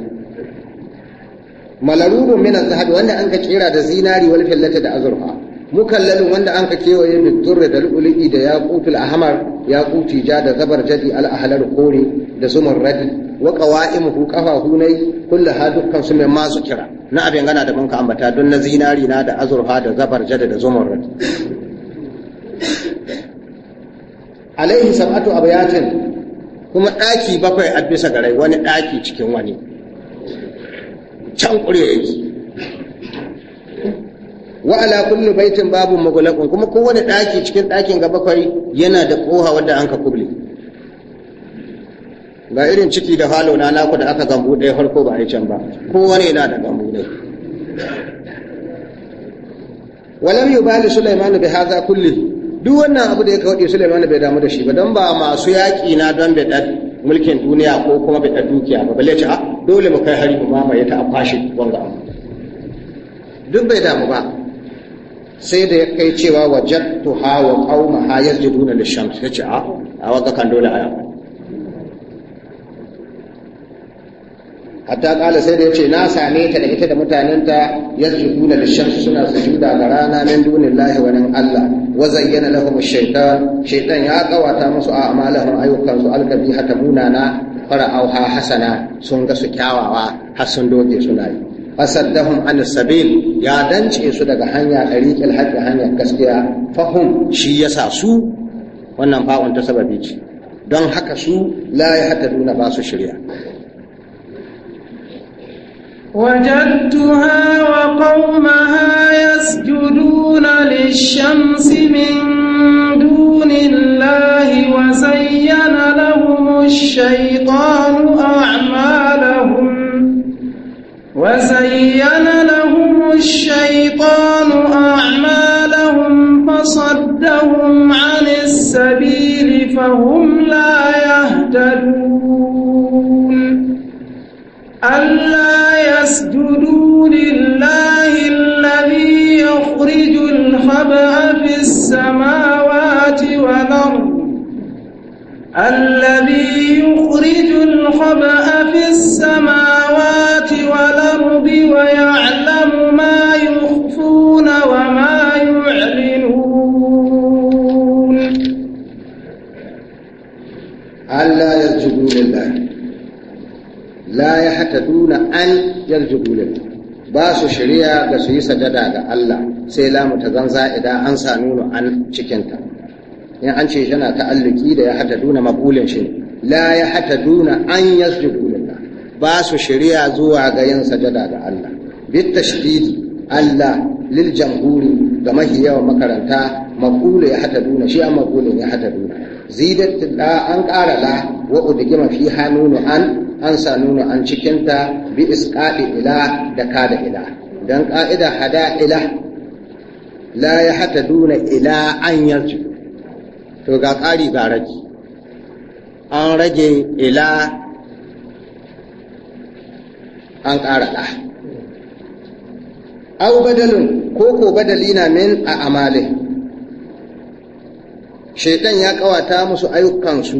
malarurun minan zahabi wanda an ka kera da zinari wani fillata da azurfa mukallalin wanda an ka kewaye min turre da lu'lu'i da yaqutul ahmar yaquti ja da zabar jadi al ahlar kore da sumar radi wa qawaimuhu qafahu nay kullu ha dukkan su mai masu kira na abin gana da banka ambata don na zinari na da azurfa da zabar jadi da zumar radi alaihi sab'atu abyatin kuma ɗaki bakwai a bisa garai wani daki cikin wani can wa ala kulli baitin babu mughlaqun kuma kowane daki cikin dakin ga bakwai yana da koha wanda an ka ga irin ciki da halo na naku da aka gambu ɗaya farko ba a can ba kowane yana da gambu ɗaya walam yubali sulaiman bi hadha kulli duk wannan abu da ya kawo sulaiman bai damu da shi ba don ba masu yaƙi na don bai mulkin duniya ko kuma bai da dukiya ba balle ce a ah, dole mu kai hari mu mamaye ta a kwashe wanga duk bai damu ba sai da ya kai cewa wajen tuha wa jiduna da shams yace ah, a a waka kan dole aya hatta kala sai da ya ce na same ta da ita da mutanenta ya da shams suna su sujuda ga rana min dunin lahi wani Allah wa zayyana lahum ash shaitan ya kawata musu a ah, amalahun ayyukan su alkabi munana na auha hasana sun ga su kyawawa har sun doge suna yi fasaddahum an sabil ya dance su daga hanya dariqil haqqi hanya gaskiya fahum shi yasa su wannan fa'un ta sababi ce don haka su la ya hadaduna ba su shirya وجدتها وقومها يسجدون للشمس من دون الله وزين لهم الشيطان أعمالهم وزين لهم الشيطان أعمالهم فصدهم عن السبيل فهم لا يهتدون ألا يسجدوا لله الذي يخرج الخبأ في السماوات والأرض الذي يخرج الخبأ في السماوات والأرض ويعلم ما يخفون وما يعلنون ألا يسجدوا لله لا يحتدون أن يسجدوا لله ba su shirya ga su yi sajada ga Allah sai lamu ta zan za'ida an sa nuno an cikinta in an ce yana ta'alluki da ya hata duna makulin shi la ya hata duna an yasjudu ba su shirya zuwa ga yin sajada ga Allah bi tashdid Allah lil jamhuri ga mahi yawan makaranta maqulu ya hata duna shi an maqulu ya hata duna zidat da an ƙara la wa udgima fi hanunu an an sa nunu an cikin ta bi isqadi ila da kada ila dan qaida hada ila la ya hata duna ila an yarju to ga ƙari ga raji an rage ila an ƙara ɗa au badalin ko ko badali na min a amalin Shaitan ya ƙawata musu ayyukansu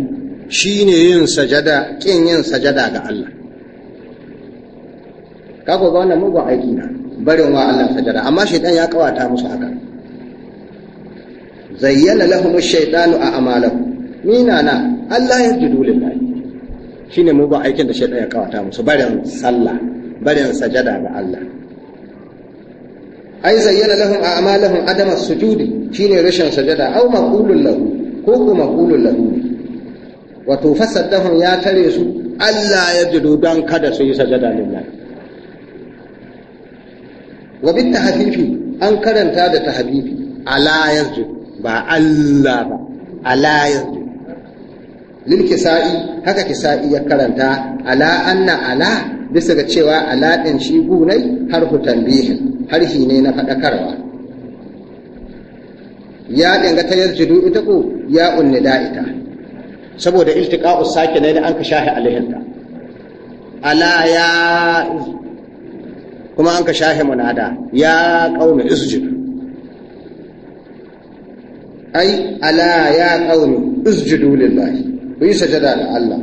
ne yin sajada ƙin yin sajada ga Allah ka ga wannan mugun aiki na barin wa Allah sajada amma shaitan ya ƙawata musu haka zayyana lahumu shaitanu a amalahum mina na Allah ya ji dole na ne mugun aikin da shaitan ya ƙawata musu barin sallah barin sajada ga Allah ai zayyana lahum a'malahum adama sujudi shine rashin sajada aw maqulul lahu ko kuma maqulul lahu wato fasaddahum ya tare su Allah ya jido don kada su yi sajada lillahi wa bit tahfifi an karanta da tahfifi ala yasjud ba Allah ba ala yasjud lil kisa'i haka kisa'i ya karanta ala anna ala bisa ga cewa alaɗin shi gunai har harfu bihin, harhi ne na faɗakarwa ya ɗanga ta yarjidu ita ku ya da ita saboda iltiqa'u sake ne da an ka shahi alaihinta ala ya kuma an ka shahi munada ya qaumi isjudu ai ala ya qaumi isjidu lillahi ku yi sajada da Allah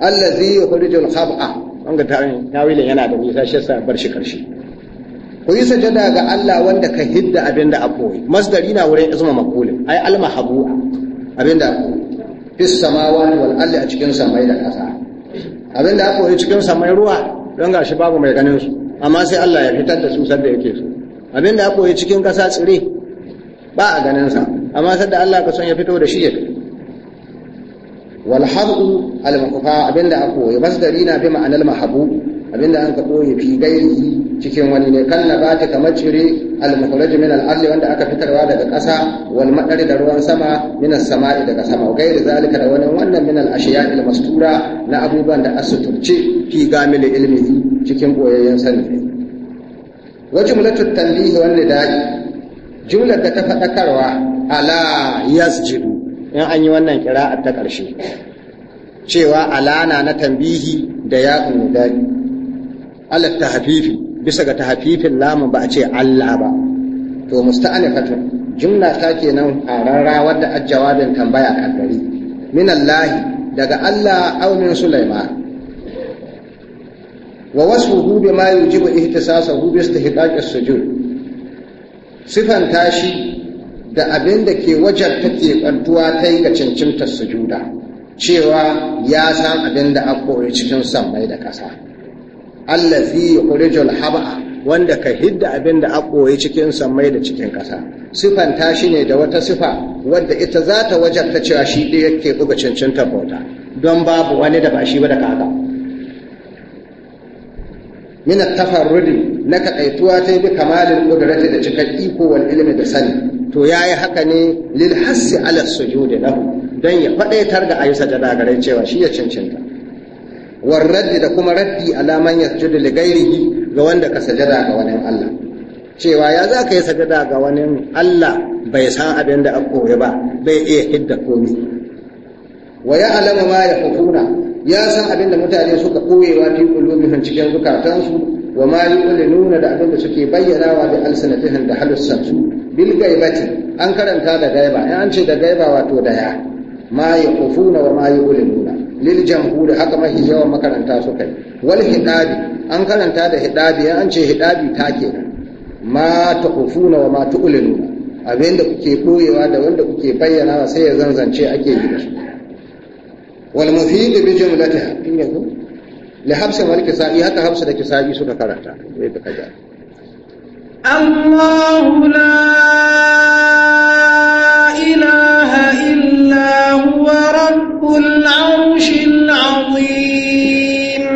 allazi yukhrijul khab'a wanga tawilin yana da nisa shi yasa bar shi karshe ku yi sajada ga Allah wanda ka hidda abin da akoyi masdari na wurin izma makulin ai al abinda abin da fis samawati wal ardi a cikin samai da kasa abin da akoyi cikin samai ruwa don gashi babu mai ganin su amma sai Allah ya fitar da su sanda yake so abin da akoyi cikin kasa tsire ba a ganin sa amma sanda Allah ka son ya fito da shi ya fito wal haru abinda a koyi masdari na bi ma'anar mahabu abinda an ka koyi fi gairi cikin wani ne kan nabati kamar cire al min al wanda aka fitarwa daga ƙasa wal madari da ruwan sama min samai daga sama ga zalika da wani wannan min al-ashiya na abubuwan da asuturce fi gamil ilmi cikin boyayyen sani wa jumlatu tanbihi wan nida'i jumlar da ta fadakarwa ala yasjid in an yi wannan kira a ta ƙarshe cewa alana na tambihi da ya'un mudari alat ta hafifi bisa ga ta hafifin lamun ba a ce Allah ba to musta'anifatun jumla ta kenan a rarra wadda ajjawabin tambaya a gari Allah daga Allah aw min Sulaiman wa wasfuhu bima yujibu ihtisasahu bi istihqaqis sujud sifan tashi da abin da ke wajen ta keɓantuwa ta yi ga cancantar sujuda cewa ya san abin da an kori cikin sammai da ƙasa allazi yukhrijul hab'a wanda ka hidda abin da an koyi cikin sammai da cikin ƙasa ta shi ne da wata sifa wadda ita za ta wajen ta cewa shi ɗaya ke buga cancantar bauta don babu wani da ba shi ba da kaka. min na kaɗaituwa ta yi bi kamalin qudrati da cikar iko wal da sani to ya yi haka ne lil hassi ala sujudi lahu dan ya fadaitar da ayi sajada gare cewa shi ya cancanta war raddi da kuma raddi alaman yasjudu li ghairihi ga wanda ka sajada ga wani Allah cewa ya za ka yi sajada ga wani Allah bai san abin da aka ba bai iya hidda komai wa ya alama ma ya hukuna ya san abin da mutane suka koyewa fi qulubihim cikin zukatansu wa ma yu'linuna da abin da suke bayyanawa da alsanatihin da halussansu bil gaibati an karanta da gaiba an ce da gaiba wato da ya ma yaqufuna wa ma yu'linuna lil jamhuri haka mahi yawan makaranta suka yi wal hidabi an karanta da hidabi an ce hidabi ta ke ma taqufuna wa ma tu'linuna abin da kuke boyewa da wanda kuke bayyanawa sai ya zanzance ake yi da shi wal mufid bi jumlatiha in yakun li hafsin wal kisa'i haka hafsu da kisa'i suka karanta sai da kaja Allahu la ilaha illa huwa rabbul arshil azim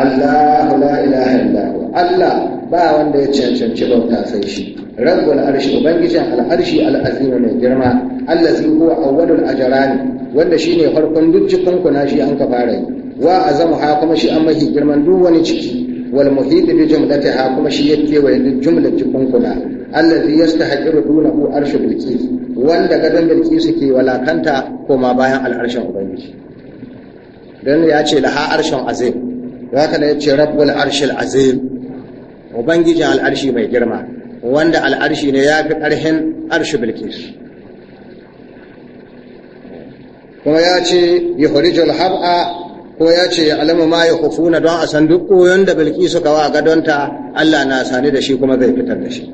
Allahu la ilaha illa Allah ba wanda ya cancanci bauta shi rabbul arshi ubangijin al'arshi al'azim mai girma allazi huwa awwalul ajrani wanda shine farkon duk cikin kuna shi an ka fara yi wa azamu ha kuma shi an mahi girman duk wani ciki wal muhit bi jumlatiha kuma shi yake wa duk jumlar cikin kuna allazi yastahiqu dunahu arshu bilqis wanda gadan bilqis ke walakanta kuma bayan al'arshin ubangiji dan ya ce laha arshin azim haka ne ya ce rabbul arshil azim ubangijin al'arshi mai girma wanda al'arshi ne ya fi ƙarhin arshi bilkis kuma ya ce ya horijul hab'a ko ya ce ya alamu ma ya hufuna don a san duk koyon da bilkisu kawa a gadonta Allah na sani da shi kuma zai fitar da shi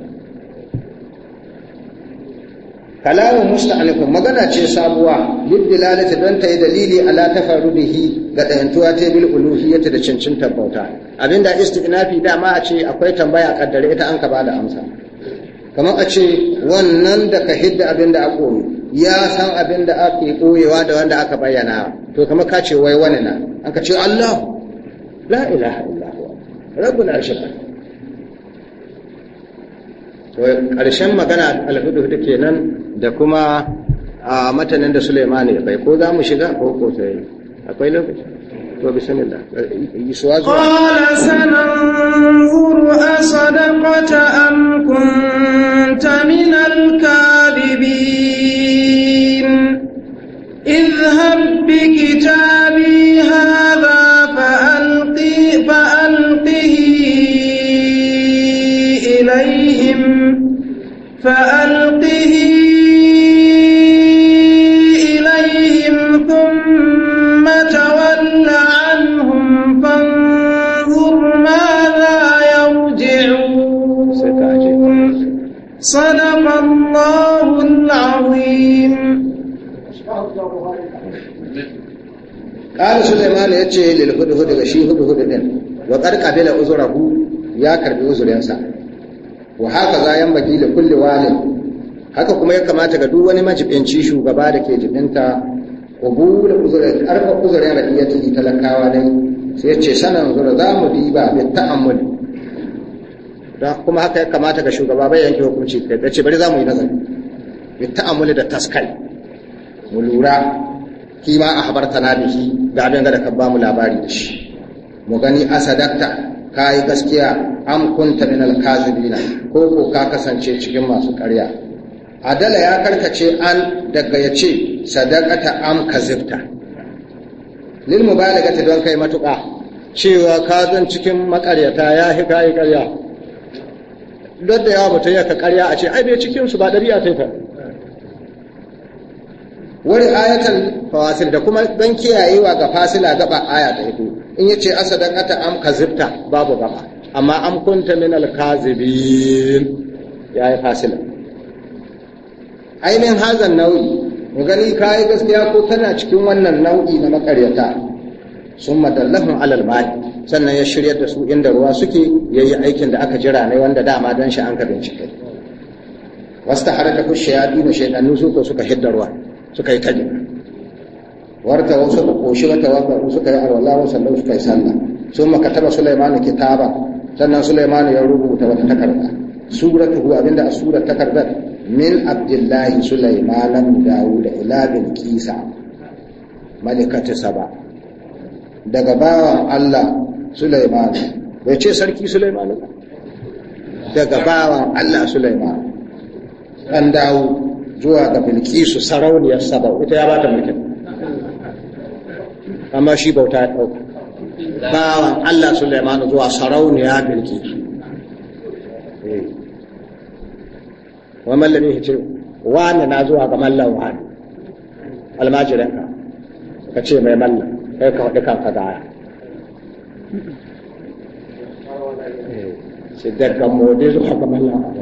kalamu musta'anifin magana ce sabuwa liddilalata don ta yi dalili ala ta faru hi ga ɗayantuwa ta bil uluhiyyata da cincinta tabbauta abinda istiqnafi dama a ce akwai tambaya a kaddare ita an ka da amsa kamar a ce wannan da ka hidda abinda a koyi ya san abinda ke koyewa da wanda aka bayyana to kama ka ce wai wani na an ka ce Allah la ilaha illallah rabbul arshil ƙarshen magana alhudu kenan da kuma a matanin da ya bai ko za mu shiga ko ko sai akwai lokaci to yi suwa zuwa qala sananzuru asadaqata am kunta min al in idhhab bi kitabi فألقه إليهم ثم تول عنهم فانظر ماذا يرجعون صدق الله العظيم قال سليمان يتشهي للهدهد غشي هدهد din wa qad qabila uzrahu ya karbi uzurinsa wa haka za yan baki da kulli walin haka kuma ya kamata ga duk wani majibinci shugaba da ke jibinta qubul uzurin arfa uzurin radiyati talakawa dai sai ce sanan zura za mu diba bi ta'ammul Da kuma haka ya kamata ga shugaba bai yanke hukunci kai da ce bari za mu yi nazari bi ta'ammul da taskai mu lura kima a habarta na bihi da abin da ka ba mu labari da shi mu gani asadakta ka yi gaskiya am kunta min alkazibina ko ko ka kasance cikin masu ƙarya adala ya karkace an daga ya ce sadaqata am kazibta lil mubalagati don kai matuƙa cewa ka zan cikin makaryata ya hi ka yi ƙarya duk da yawa mutum ya ka ƙarya a ce ai bai cikin su ba ɗabi'a ta wani ayatan fawasil da kuma don kiyayewa ga fasila gaba aya ta ito in ya ce asadan ata am kazibta babu gaba amma am kunta min alkazibin ya yi fasila ainihin hazan nau'i mu gani kayi gaskiya ko tana cikin wannan nau'i na makaryata sun madallahun alal mali sannan ya shirya da su inda ruwa suke ya yi aikin da aka jira ne wanda dama don shi an ka bincike ta haraka kushe ya dina shaidannu su suka hidda ruwa suka yi tajin warta wasu koshi wata wata suka yi alwala wasu sallau suka yi sallah sun makataba sulaiman kitaba sannan sulaiman ya rubuta wata takarda hu abinda a sura takardar min abdullahi sulaiman dawud ila bilqisa malikatu saba daga bawan Allah sulaiman bai ce sarki sulaiman daga bawan Allah sulaiman an dawo zuwa ga bilqisu sarauniyar saba ita ya bata mulkin amma shi bauta ya ɗauka bawan Allah Suleiman zuwa sarauniya bilki eh. wa ya ce wani na zuwa ga mallan wani almajiranka ka ce mai mallan kai ka faɗi kanka gaya eh. sai daga mode zuwa ga mallan wani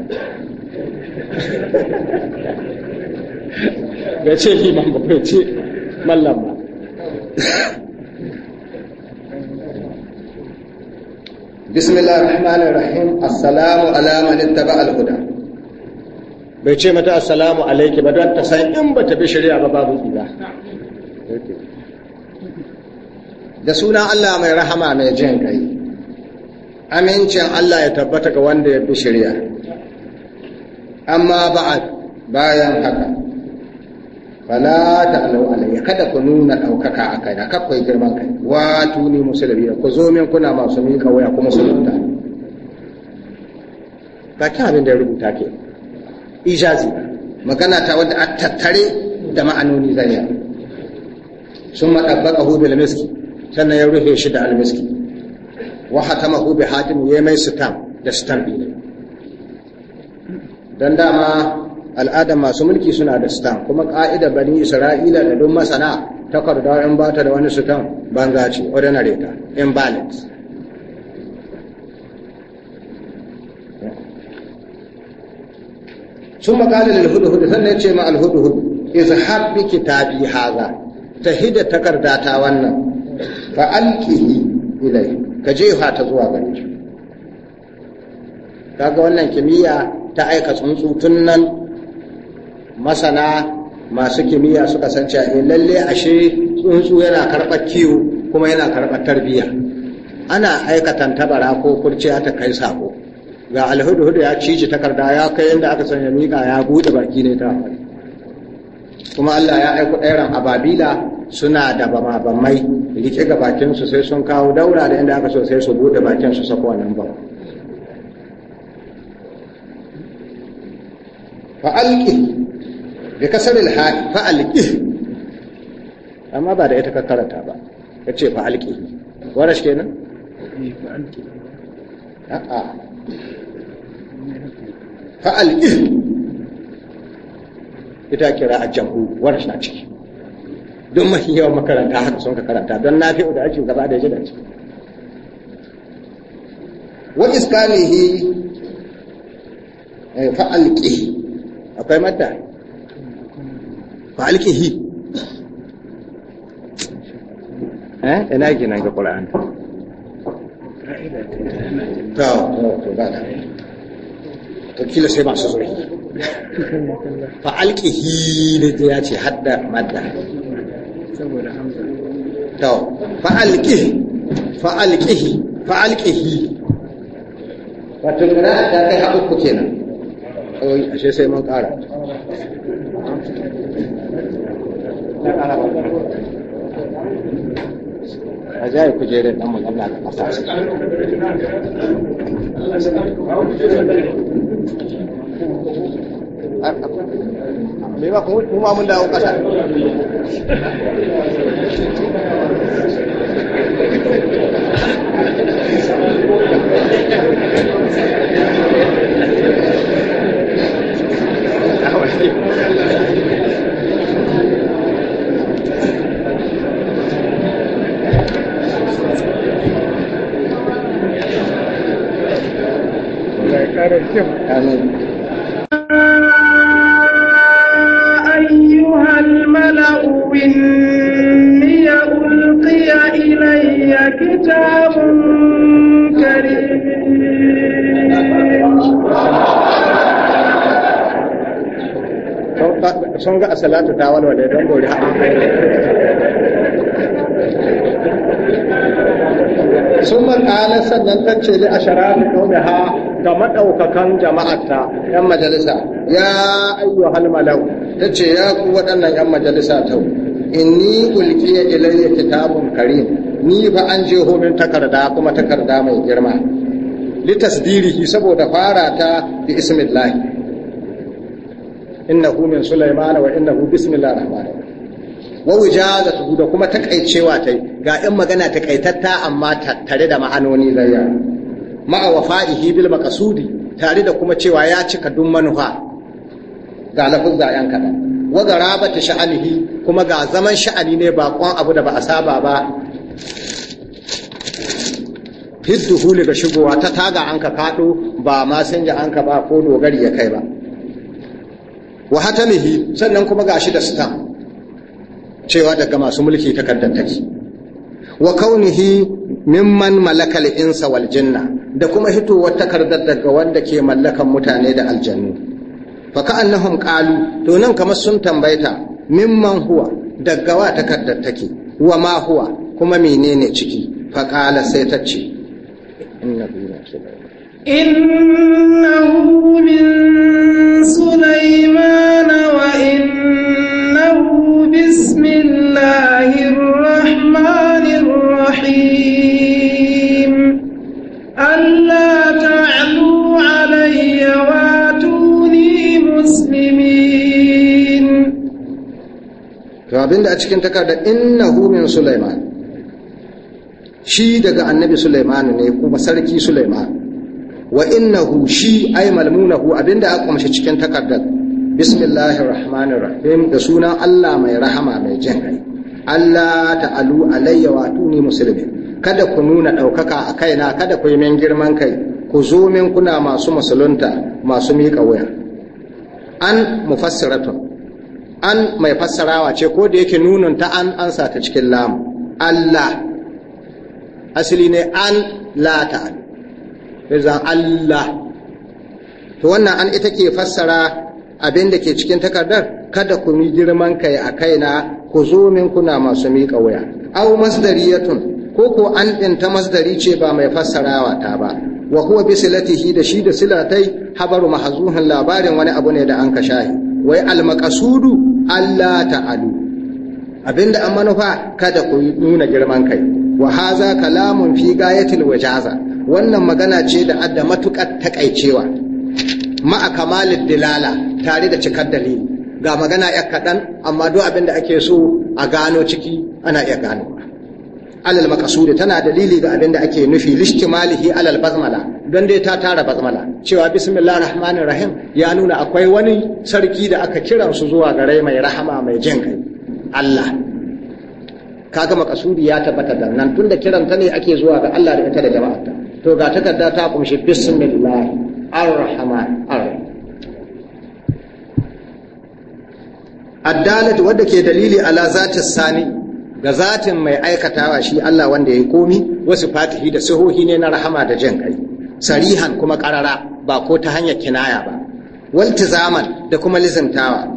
ya ce liman ba ce mallan ba bismillah rahman rahim assalamu ala man ittaba al bai ce mata assalamu alaiki ba don ta san in ba ta bi shari'a ba babu tsira da suna Allah mai rahama mai jin kai amincin Allah ya tabbata ga wanda ya bi shari'a amma ba'ad bayan haka fala alau alayya kada ku nuna ɗaukaka a kai da, kakwai girman kai wa ni musulmi ku zo min kuna masu miƙa waya kuma su rubuta ba ki abin da ya rubuta ke ijazi magana ta wadda a tattare da ma'anoni yi. sun maɗabbaka hu bil miski sannan ya rufe shi da almiski wa hatama hu bi hatim ya mai sitam da sitam ne dan dama al'adar masu mulki suna da sutan kuma ka'idar bani isra'ila da duk masana takarda in ba ta da wani sutan banga ce ordinary ta imbalance sun makali da hudu sannan ce ma alhudu-hudu ta bi haza ta hida takarda ta wannan fa ilai ka jefa ta zuwa gari. kaga wannan kimiyya ta aika tsuntsu tun nan masana masu kimiyya suka san cewa eh lalle ashe tsuntsu yana karɓar kiwo kuma yana karɓar tarbiyya ana aikatan tabara ko kurciya ta kai sako ga alhudu ya ciji takarda ya kai yadda aka sanya miƙa ya buɗe baki ne ta kuma Allah ya aika ɗairan ababila suna da bamabamai rike ga bakinsu sai sun kawo daura da inda aka so sai su buɗe bakin su sako wannan ba bi kasar alha'i fa alqih amma ba da ita ka karanta ba ka ce fa alqih shi kenan a'a fa alqih ita kira a jahu shi na ciki don mafi yawan makaranta haka sun ka karanta don na fi'u da ake gaba da jidan ciki wa iskanihi eh, fa'alƙi akwai mata fa alqihi eh ina kenan ga qur'ani to ba kila sai fa ne da ya ce hadda madda saboda hamza to fa fa fa wato kana da kai haƙuƙu kenan ashe sai mun ƙara a jaye kujerar dan magana da kasa me ba kuma mun dawo Thank you. شوف أيها الملأ إني ألقي إلي كتاب كريم sun ga asalatu ta walwale don gori sun man ƙalar sannan ta ce li a shara da ha ga madaukakan jama'arta yan majalisa ya ayyuhal malau tace ya ku waɗannan yan majalisa ta inni ulkiya ilayya kitabun karim ni fa an je homin takarda kuma takarda mai girma litasdirihi saboda fara ta bi ismillah innahu min sulaymana wa innahu bismillahir rahmanir wa wujazatuhu da kuma takaicewa tai ga yan magana takaitatta amma tare da ma'anoni layya ma'a wafa'ihi bil tare da kuma cewa ya cika duk manufa ga lafuzza yan kadan wa garabata sha'anihi kuma ga zaman sha'ani ne bakon abu da ba a saba ba hidduhuli ga shigowa ta taga an ka kaɗo ba ma sanja an ka ba ko dogari ya kai ba wa hatamihi sannan kuma gashi da sutan cewa daga masu mulki takardar take wa kaunihi mimman malakal insa wal jinna da kuma hitowar takardar daga wanda ke mallakan mutane da aljannu fa ka'annahum qalu to nan kamar sun tambayta mimman huwa daga wa takardar take wa ma huwa kuma menene ciki fa qala sai ta ce innahu min wa innahu bismillahir رحيم ألا تعلوا علي واتوني مسلمين to abinda a cikin takarda innahu min Sulaiman shi daga annabi Sulaiman ne kuma sarki Sulaiman wa innahu shi ay malmunahu abinda aka kumshi cikin takardar bismillahir rahmanir rahim da sunan Allah mai rahama mai jin Allah ta'alu alayya wa tuni musulmi kada ku nuna ɗaukaka a kaina kada ku yi min girman kai ku zo min kuna masu musulunta masu miƙa wuya an mufassiratun an mai fassarawa ce ko da yake nunun ta an ansa ta cikin lamu Allah asali ne an la ta'alu zan Allah to wannan an ita ke fassara abin da ke cikin takardar kada ku yi girman kai a kaina ku zo min kuna masu miƙa wuya aw tun, ko ko an ɗinta masdari ce ba mai fassarawa ta ba wa kuwa bi silatihi da shi da silatai habaru mahzuhin labarin wani abu ne da an ka shahi. wai almaqasudu alla ta'alu abinda an manufa kada ku nuna girman kai wa haza kalamun fi gayatil wajaza wannan magana ce da adda matukar taƙaicewa. ma'a kamalin dilala tare da cikar dalili ga magana ya kaɗan amma duk abin da ake so a gano ciki ana iya gano alal makasudi tana dalili da abin da ake nufi lishtimalihi alal basmala don dai ta tara basmala cewa bismillah rahmanir rahim ya nuna akwai wani sarki da aka kiran su zuwa gare mai rahama mai jin kai Allah kaga makasudi ya tabbata da nan tunda kiranta ne ake zuwa ga Allah da ita da jama'arta to ga takarda ta kumshi bismillah arrahman arrahim Addalatu, wadda ke dalili ala zati sani ga zatin mai aikatawa shi Allah wanda ya yi komi wasu fatihi da sahohi ne na rahama da jin kai sarihan kuma karara ba ko ta hanyar kinaya ba waltizaman da kuma lizantawa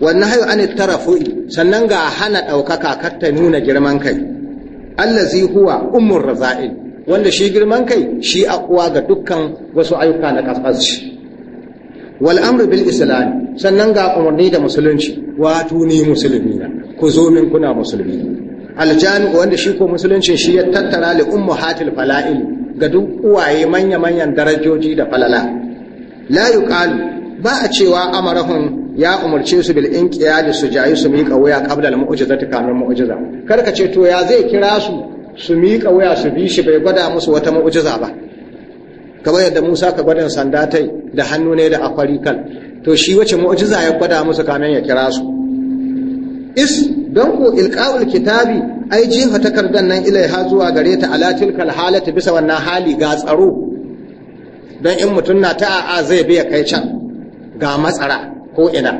wannan hayo an tarafu'i sannan ga hana ɗaukaka kar ta nuna girman kai allazi huwa ummur raza'il wanda shi girman kai shi akuwa ga dukkan wasu ayyuka na kasfasci wal amru bil islam sannan ga umarni da musulunci wato ni musulmi na ku zo min kuna musulmi aljami wanda shi ko musulunci shi ya tattara li ummahatil fala'il ga duk uwaye manya manyan darajoji da falala la yuqalu ba a cewa amarahum ya umarce su bil inqiyadi su jayi su miƙa waya qabla al mu'jizati kamin mu'jiza karka ce to ya zai kira su su miƙa waya su bi shi bai gwada musu wata mu'jiza ba kamar yadda Musa ka gwadon sanda yi da hannu ne da akwari kal to shi wace mu'jiza ya gwada musu kamen ya kira su is don ku ilqa'ul kitabi ai jefa takardan nan ilai zuwa gare ta ala tilkal halati bisa wannan hali ga tsaro don in mutum na ta a'a zai biya kai can ga matsara ko ina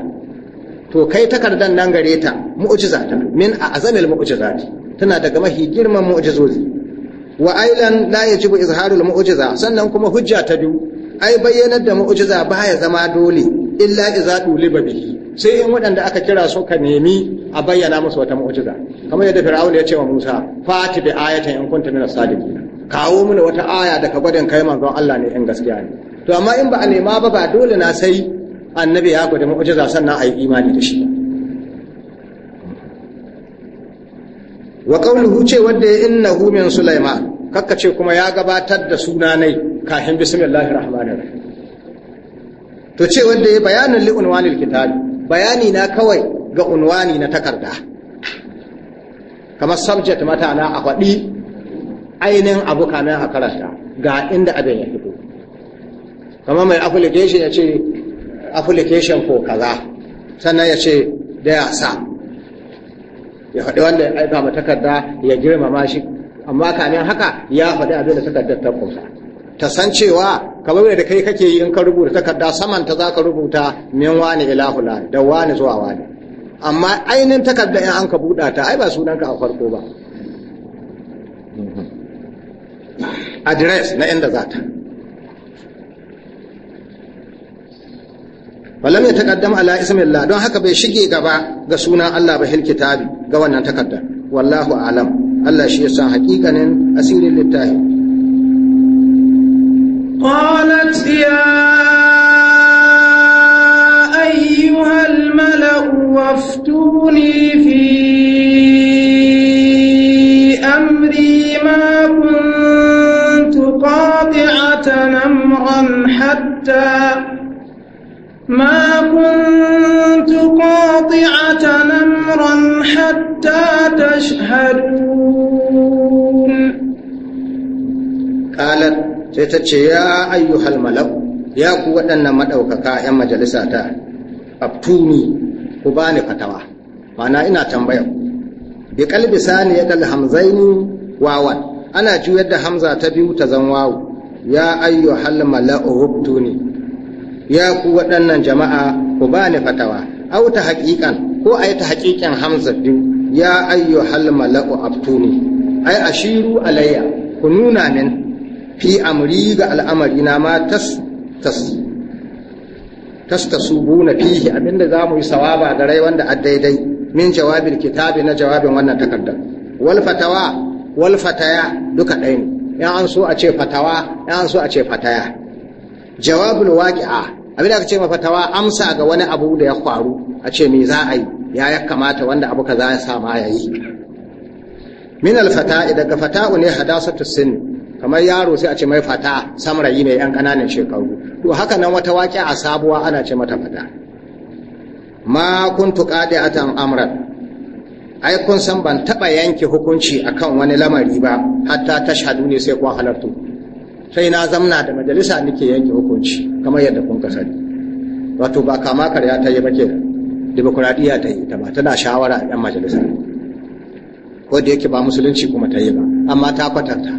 to kai takardan nan gare ta mu'jiza ta min a azamil mu'jizati tana daga mahi girman mu'jizozi wa ailan la yajibu izharul mu'jiza sannan kuma hujja ta biyu ai bayyanar da mu'jiza baya zama dole illa iza ba bihi sai in waɗanda aka kira su ka nemi a bayyana musu wata mu'jiza kamar yadda fir'auna ya ce wa Musa fati bi ayatin in kunta as sadiqin kawo mana wata aya daga gwadin kai manzon Allah ne in gaskiya ne to amma in ba a nema ba ba dole na sai annabi ya gwada mu'jiza sannan a imani da shi wa ƙaunuhu ce wanda ya inna min sulaiman kakka ce kuma ya gabatar da suna sunanai kafin bismillahi rahmani rahmanin. to ce wanda ya bayanin li unwanil bayani na kawai ga unwani na takarda kamar subject matana a faɗi ainihin abu kamin a karanta ga inda abin ya fito Kama mai application ya ce application ko kaza sannan ya ce da ya sa ya faɗi wanda ya aika ma takarda ya girmama shi amma kamin haka ya faɗi abin da takardar ta kusa ta san cewa kamar da kai kake yi in ka rubuta takarda saman ta za ka rubuta min wani ila da wani zuwa wani amma ainihin takarda in an ka buɗa ta ai ba sunanka a farko ba mm-hmm. address na inda za ta walam ya taqaddam ala ismillah don haka bai shige gaba ga sunan Allah ba kitabi ga wannan takaddar wallahu alam Allah shi yasa hakikanin asirin littafi qalat ya ayyuhal mala'u waftuni fi amri ma kuntu qati'atan amran hatta ما كنت قاطعة أمرا حتى تشهدون قالت ستتشي يا أيها الملأ ya ku waɗannan maɗaukaka 'yan majalisa ta abtuni ku ba ni fatawa mana ina tambayar bi sani yadda hamzaini wawan ana juyar da hamza ta biyu ta zan wawu ya ayyu hal mala'u rubtuni ya ku waɗannan jama'a ku ba ni fatawa au ta haƙiƙan ko a yi ta haƙiƙan hamza biyu ya ayyo hal mala'u abtuni ai ashiru alayya ku nuna min fi amri ga al'amari na ma tas tas tas na fihi abinda za mu yi sawaba ga rai wanda a daidai min jawabin kitabi na jawabin wannan takardar wal fatawa wal fataya duka ɗaya ne Ya an so a ce fatawa Ya an so a ce fataya jawabul waqi'a abin da aka ce tawa amsa ga wani abu da ya faru a ce me za a yi ya ya kamata wanda abu kaza ya sama ya yi min al idan daga fata'u ne hadasatu sin kamar yaro sai a ce mai fata samrayi ne yan kananan shekaru to haka nan wata waqi'a a sabuwa ana ce mata fata ma kuntu qadi'atan amran ai kun san ban taɓa yanke hukunci akan wani lamari ba hatta tashhadu ne sai ku halartu sai na zamna da majalisa nake yanke hukunci kamar yadda kun ka sani wato ba kama karya ta yi ba ke demokuraɗiyya ta yi ta ba tana shawara a 'yan majalisa ko da yake ba musulunci kuma ta yi ba amma ta kwatanta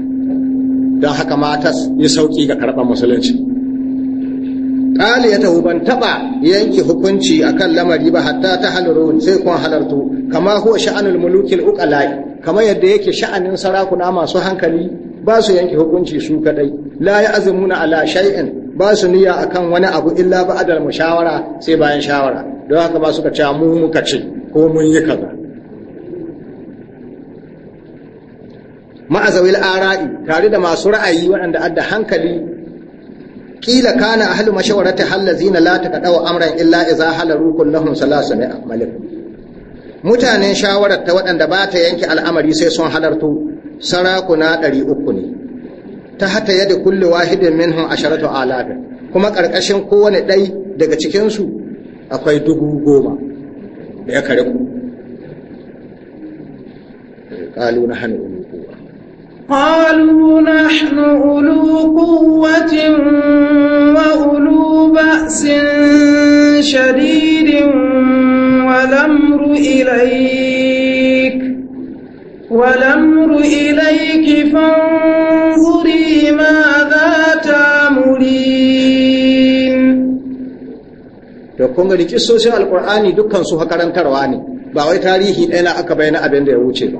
don haka ma ta yi sauƙi ga karɓar musulunci ƙali ya ban taɓa yanke hukunci akan lamari ba hatta ta halaru sai kun halartu kama huwa sha'anul mulukil uqala'i kama yadda yake sha'anin sarakuna masu hankali ba su yanke hukunci su kadai la ya azumuna ala shay'in ba su niyya akan wani abu illa ba adal mushawara sai bayan shawara don haka ba ka cewa mu muka ce ko mun yi kaza ma'azawil ara'i tare da masu ra'ayi waɗanda adda hankali kila kana ahlu mashawarati hallazina la taqadaw amran illa idza halaru kullahum salasana malik mutanen shawarar ta waɗanda ba ta yanke al'amari sai sun halarto sarakuna ɗari uku ne ta hata yadda kulle wahidin minhum asharatu alafin kuma ƙarƙashin kowane ɗai daga cikinsu akwai dubu goma da ya kare ku قالوا نحن أولو قوة wa lamru والأمر إليك فانظري ماذا تامرين to kun kisoshin Alƙur'ani dukkan su hakarantarwa ne ba wai tarihi ɗaya na aka bayyana abin da ya wuce ba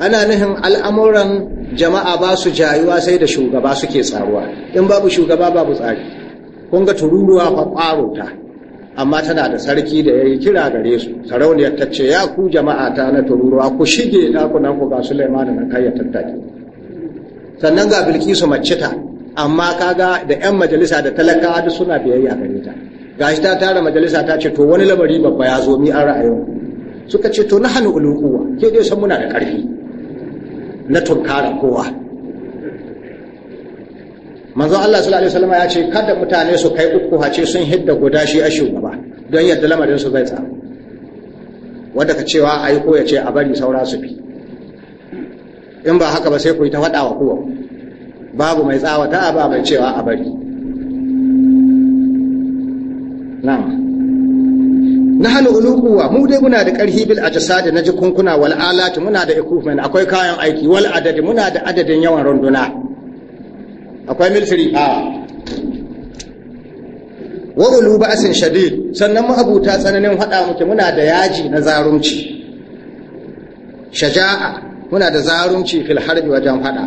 ana nufin al'amuran jama'a ba su jayuwa sai da shugaba suke tsaruwa in babu shugaba babu tsari kun ga tururuwa fa ta amma tana da sarki da ya yi kira gare su sarauniyar ta ce ya ku jama'a ta na tururuwa ku shige ɗakunan ku ga Sulaiman na kai ya sannan ga Bilkisu mace ta amma kaga da yan majalisa da talakawa duk suna biyayya gare ta gashi ta tara majalisa ta ce to wani lamari babba ya zo mi an ra'ayin suka ce to na hannu ulukuwa ke dai san muna da ƙarfi na tunkara kowa manzon Allah sallallahu alaihi wasallam ya ce kada mutane su kai uku hace sun hidda guda shi a shugaba don yadda lamarin su zai tsaro wanda ka cewa ayi ko ya ce a bari saura su fi in ba haka ba sai ku yi ta faɗa wa kowa babu mai tsawata ba mai cewa a bari na'am nahal uluquwa mu dai muna da karhi bil ajsad na jikunkuna wal alat muna da equipment akwai kayan aiki wal adadi muna da adadin yawan runduna akwai military a wa ulu ba'sin shadid sannan ma'abuta tsananin hada muke muna da yaji na zarumci shaja'a muna da zarumci fil harbi wajen hada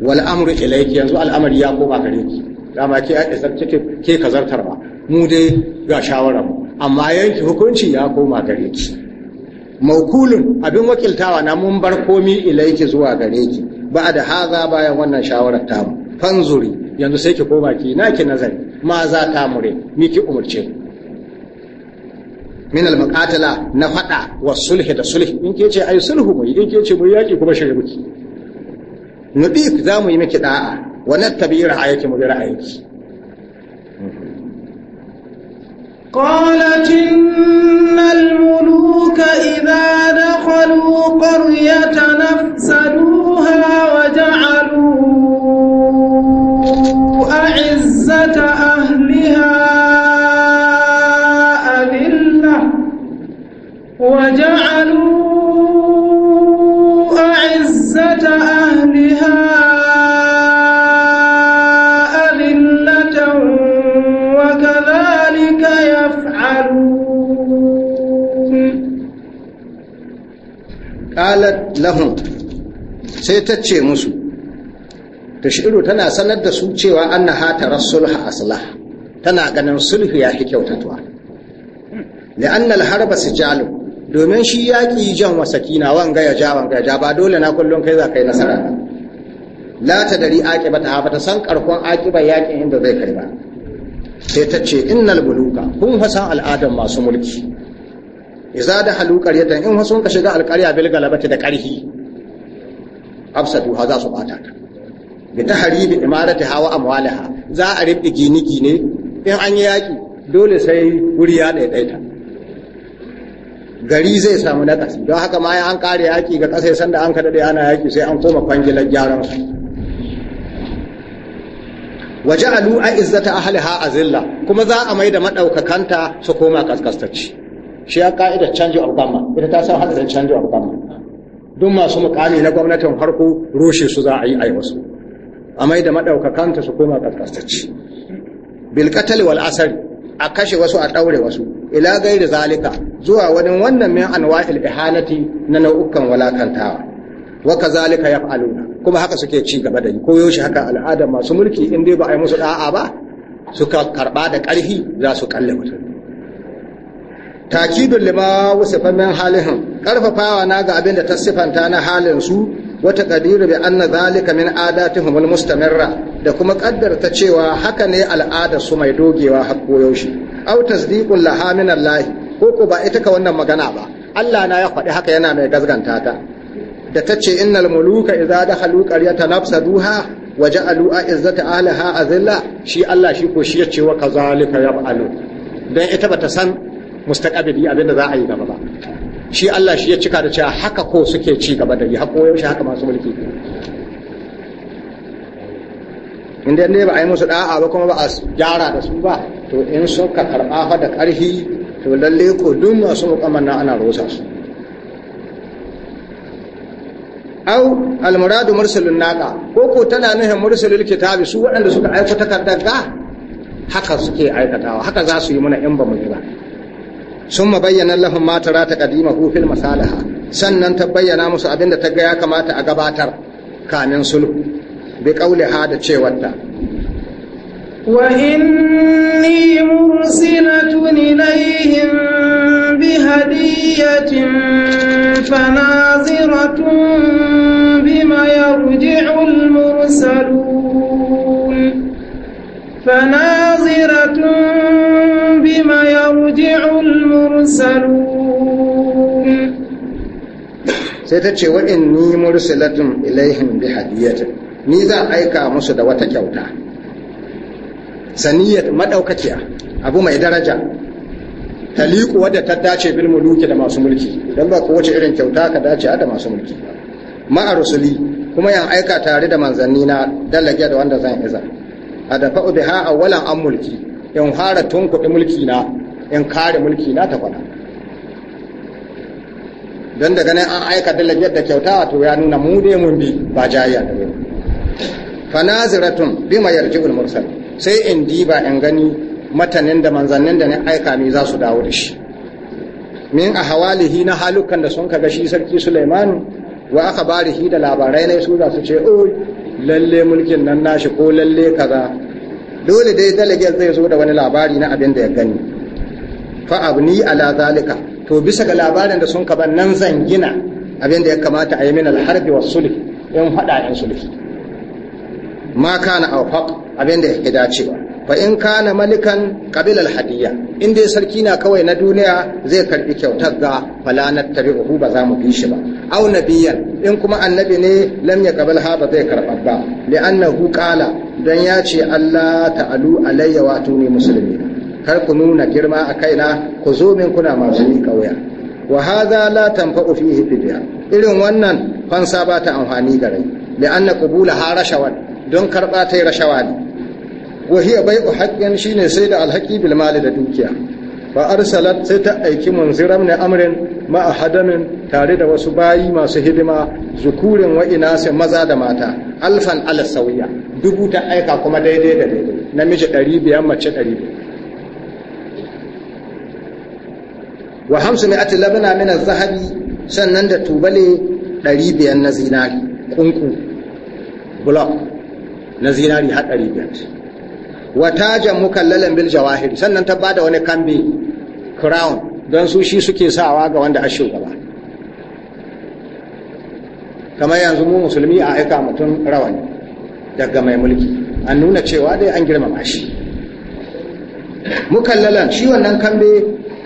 wal amru ilayki yanzu al'amari ya koma gare ki dama ke a isar kike ke kazartar ba mu dai ga shawara mu amma yanki hukunci ya koma gare ki mawkulun abin wakiltawa na mun bar komi ilaiki zuwa gare ki ba da haza bayan wannan shawarar tamu fanzuri yanzu sai ki koma ki na ki nazari ma za ta mure mi ki umurce min al muqatala na fada wa sulhi da sulhi in ke ce ai sulhu mu in ke ce mu yaki kuma shirye muki nudik za mu yi miki da'a wa nattabi ra'ayaki mu bi ra'ayaki قالت mu. كذلك إذا دخلوا قرية نفسدوها وجعلوا أعزة أهلها qalat lahum sai ta ce musu tashiru tana sanar da su cewa annaha a aslah tana ganin sulhu ya fi kyautatuwa la'anna al-harba sijalu domin shi yaki jan wa sakina wanga ya ja wanga ja ba dole na kullun kai za kai nasara la ta dari aqibata ba ta san karkon aqibar yakin inda zai kai ba sai ta ce innal buluka kun fasan al'adar masu mulki iza da halu qaryatan in wasu ka shiga alƙarya bil galabati da ƙarhi afsadu ha za su bata ta bi tahribi imarati hawa amwalaha za a rubi gini gine in an yi yaki dole sai wuri ya daidaita gari zai samu na nakasi don haka ma an ƙare yaki ga ƙasa san da an kada da ana yaki sai an koma kwangilar gyaran su waje alu a izzata a zilla kuma za a mai da maɗaukakanta su koma kaskastacci shi ya ka'idar canji of ita ta san hadarin canji of duk masu mukami na gwamnatin farko rushe su za a yi ai wasu a mai da maɗaukakanta su koma ƙasƙastacci bilkatal wal asari a kashe wasu a ɗaure wasu ila gai da zalika zuwa wani wannan min anwa'il ihanati na nau'ukan walakantawa wa kazalika luna, kuma haka suke ci gaba da yi ko yaushe haka al'ada masu mulki in dai ba a yi musu da'a ba suka karɓa da ƙarfi za su kalle mutum takidun lima wasifa min halihim karfafawa na ga abin da ta sifanta na halin su wata qadiru bi anna zalika min adatihim mustamirra da kuma kaddarta cewa haka ne al'adar su mai dogewa har koyaushe au tasdiqul laha min Allah ko ko ba ita ka wannan magana ba Allah na ya faɗi haka yana mai gazganta ta da ta ce innal muluka idza dakhalu qaryatan nafsaduha waja'alu a'izzata ahliha azilla shi Allah shi ko shi ya ce wa kazalika yab'alu dan ita bata san mustaqabili abinda za a yi gaba ba shi Allah shi ya cika da cewa haka ko suke ci gaba da yi hako yaushe haka masu mulki inda ne ba a yi musu da'a ba kuma ba a gyara da su ba to in suka karɓa fa da ƙarfi to lalle ko duk masu mukamman na ana rosa su au almuradu mursalun naqa ko ko tana nuhin mursalul kitabi su waɗanda suka aiko takardar ga haka suke aikatawa haka za su yi muna in ba mu yi ba sun bayyana lahum ma rata ta kadima fil masalaha sannan ta bayyana musu abin da ta ga ya kamata a gabatar kamin sulhu bi ha da cewarta wa inni mursilatun ilaihim bi hadiyatin fanaziratun bima yarji'u mursalun fanaziratun يوم يرجع المرسلون سيتشي وإني مرسلة إليهم بهدية نيزا أيكا مسد وتكوتا saniyar madaukakiya abu mai daraja taliku wadda ta dace bil muluki da masu mulki don ba kowace irin kyauta ka dace da masu mulki ma'a kuma yan aika tare da manzanni na dalage da wanda zan iza a da fa'u biha awwalan an mulki in hara tun kuɗi mulki na in kare mulki na ta kwana don da ganin an aika dalabiyar da kyauta wato ya nuna mu ne mun bi ba jayayya da wani fanaziratun bima Yarji mursal sai in diba in gani matanin da manzannin da ne aika ni za su dawo da shi min a hawalihi na halukan da sun ka shi sarki Suleimanu, wa aka bari da labarai na su za su ce o lalle mulkin nan nashi ko lalle kaza dole dai delegate zai zo da wani labari na abin da ya gani fa ni ala zalika to bisa ga labarin da sun ka ban nan zan gina abin da ya kamata a yi min alharbi was sulh in fada in sulh ma kana awfaq abin da ya dace ba fa in kana malikan kabila alhadiyya in dai sarki na kawai na duniya zai karbi kyautar ga fala nattabi'uhu ba za mu bi shi ba aw nabiyyan in kuma annabi ne lam yaqbalha ba zai karba ba li'annahu qala dan ya ce Allah ta'alu alayya wa tuni muslimi kar ku nuna girma a kaina ku zo min kuna masu yi kauya wa hadha la tanfa'u fihi bidya irin wannan fansa ba ta amfani gare li'anna qubula ha rashawan don karba ta rashawa ne wa hiya bai'u haqqin shine sai da alhaqi bil mali da dukiya fa arsalat sai ta aiki munziram ne amrin ma hadamin tare da wasu bayi masu hidima zukurin wa inasa maza da mata alfan ala sawiya dubu ta aika kuma daidai da daidai namiji 500 mace 500 wa hamsu mai ati labana min zahabi sannan da tubale ɗari biyar na zinari kunku block na zinari har ɗari biyar wa tajan mukallalan bil jawahiri sannan ta bada wani kambi crown don su shi suke sawa ga wanda a shugaba kamar yanzu mu musulmi a aika mutum rawani daga mai mulki an nuna cewa dai an girmama shi mukallalan shi wannan kambe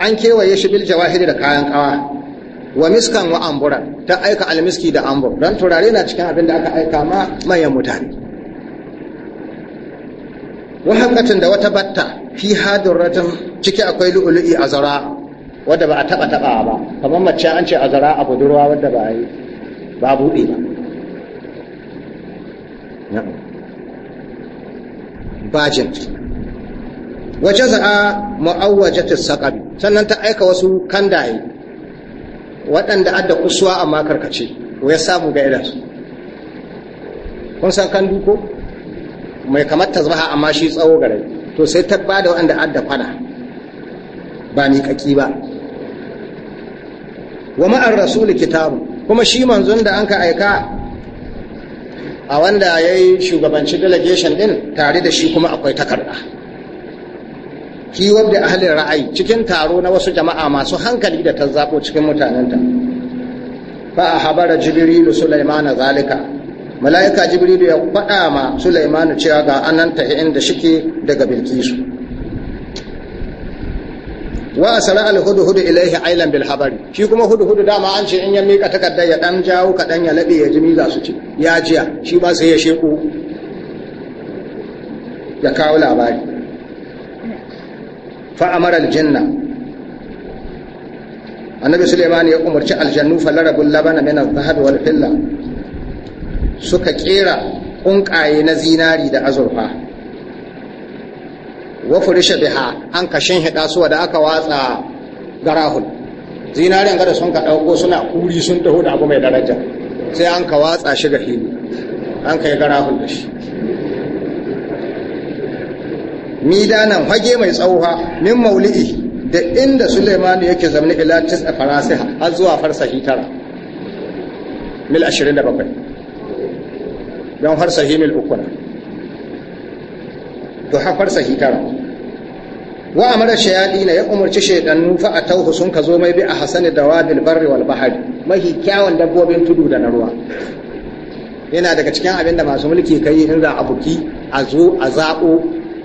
an kewaye shi bil jawahiri da kayan kawa wa miskan wa amburan ta aika almiski da ambur don turare na cikin abin da aka aika ma manyan mutane wa da wata batta fi hadurratin ciki akwai lu'ulu'i a zara wadda ba a taɓa taɓawa ba kamar mace an ce a zara a budurwa wadda ba yi ba buɗe ba bajin wace za'a ma'awwajatis saƙabi sannan ta aika wasu kandaye waɗanda adda kusuwa amma karkace ko ya samu ga idansu kun san kan duko mai kamar tazbaha amma shi tsawo gare to sai ta bada wanda adda fada ba ni kaki ba wa ma'ar rasul kitabu kuma shi manzon da anka aika a wanda yayi shugabanci delegation din tare da shi kuma akwai takarda ki da ahli ra'ayi cikin taro na wasu jama'a masu hankali da ta zaɓo cikin mutanenta fa habara jibrilu sulaiman zalika mala'ika jibrilu ya faɗa ma sulaimanu cewa ga anan tahi inda shike daga bilkisu wa asara hudu ilaihi ailan bil habari shi kuma hudu-hudu dama an ce in ya mika takardar ya dan jawo dan ya labe ya jimi za su ci ya jiya shi ba sai ya sheku ya kawo labari fa amara aljanna annabi sulaiman ya umarci aljannu falarabul labana min al-dhahab wal filla suka kera ƙunƙaye na zinari da azurfa wa furisha biha an kashin hida suwa da aka watsa garahul zinarin gada sun ka ɗauko suna kuri sun taho da abu mai daraja sai an ka watsa shi ga fili an kai garahul da shi midanan fage mai tsauha min maulidi da inda Suleimanu yake zamani ila tis a farasiha har zuwa farsahi tara mil 27 don har sahi mil uku na to har sahi tara wa amara shayadi na ya umarci shaidannu fa a tauhu sun ka zo mai bi a hasani da wadil barri wal bahari mahi kyawun dabbobin tudu da na ruwa yana daga cikin abin da masu mulki kai in za a buki a zo a zaɓo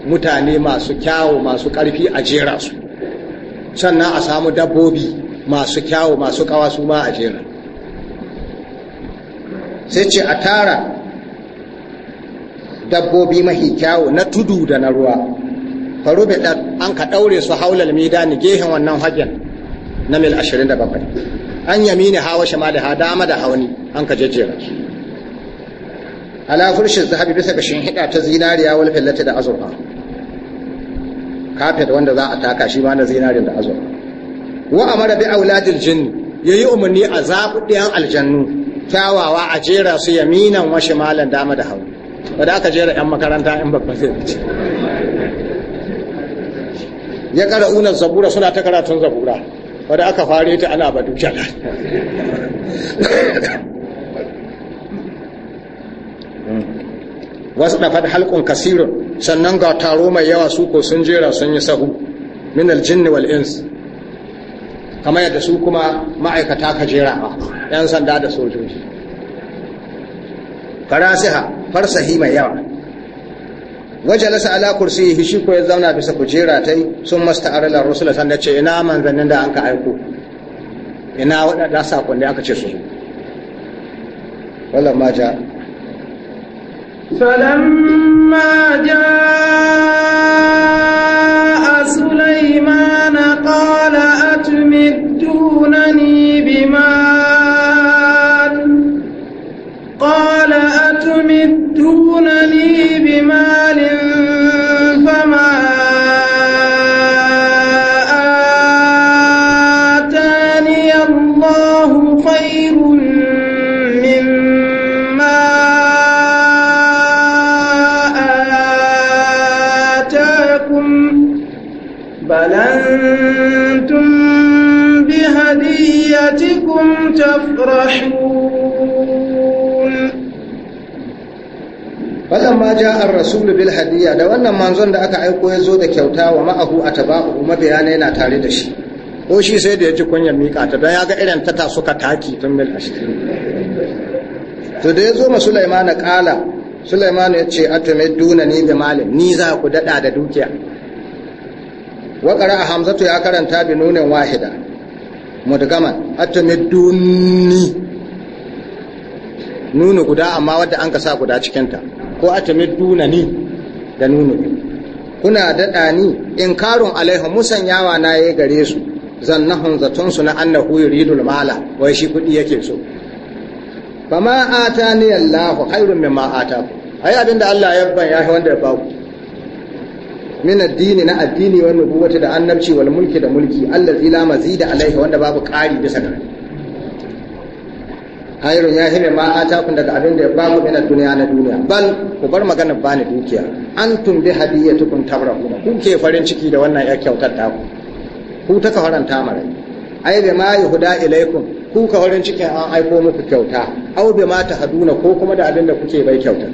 mutane masu kyawu masu ƙarfi a jera su sannan a samu dabbobi masu kyawu masu ƙawa su ma a jera sai ce a tara dabbobi mahi kyawu na tudu da na ruwa farube an ka daure su haulal midani gehen wannan hagen na mil 27 an yamini hawa shimali ha dama da hauni an ka jejjera ala furshin zahabi bisa ga hida ta zinariya wal fillati da azurfa kafet wanda za a taka shi ma na zinarin da azurfa wa amara bi auladil jinn yayi umarni a zabudiyan aljannu kyawawa a jera su yaminan wa shimalan dama da hauni da aka jera 'yan makaranta yan babba zai wuce ya kara unan zabura suna ta karatun zabura wadda aka fare ta ana badu jalar wasu ɗafar halkun kasirin sannan ga taro mai yawa su ko sun jera sun yi sahu min aljinni wal ins kamar yadda su kuma ma'aikata ka jera yan sanda da sojoji karasiha farsahi mai yawa waje lasa ala kursi shi ko ya zauna bisa kujera ta yi sun masta aralar rusula sanda ce ina manzannin da an ka aiko ina waɗanda saƙon da aka ce su wallan ma ja فلما جاء سليمان قال bi ma قال أتمدونني بمال فما آتاني الله خير مما آتاكم بل أنتم بهديتكم تفرحون ma ja an rasulu bil hadiyya da wannan manzon da aka aiko ya zo da kyauta wa ma'ahu a kuma mabiyana yana tare da shi ko shi sai da ya ci kunyar miƙa ta don ya ga irin tata suka taki tun mil ashirin to da ya zo ma sulaimana ƙala sulaimana ya ce atume duna ni da malam ni za ku daɗa da dukiya Waƙara a hamzatu ya karanta bi nunin wahida mudgaman atume duni nunu guda amma wadda an ka sa guda cikinta ko atamidduna ni da nuna kuna daɗa ni in inkarun musan musanyawa na yayi gare su zannahum zaton su na annahu yuridul mala wai shi kuɗi yake so fama atani Allahu khairun mimma ataku ai abinda Allah ya ban ya wanda ya baku min addini na addini wa nubuwati da annabci wal mulki da mulki allazi la mazida alaihi wanda babu ƙari bisa gare hayrun ya hime ma daga abin da ya ba ku mina duniya na duniya bal ku bar magana ba ni dukiya tumbi hadiyya tukun tabra ku ke farin ciki da wannan ya kyautar ta ku ku ta ka faranta mara ai bi ma yuhda ilaikum ku ka farin cikin an aiko muku kyauta au bi ma haduna ko kuma da abin da kuke bai kyauta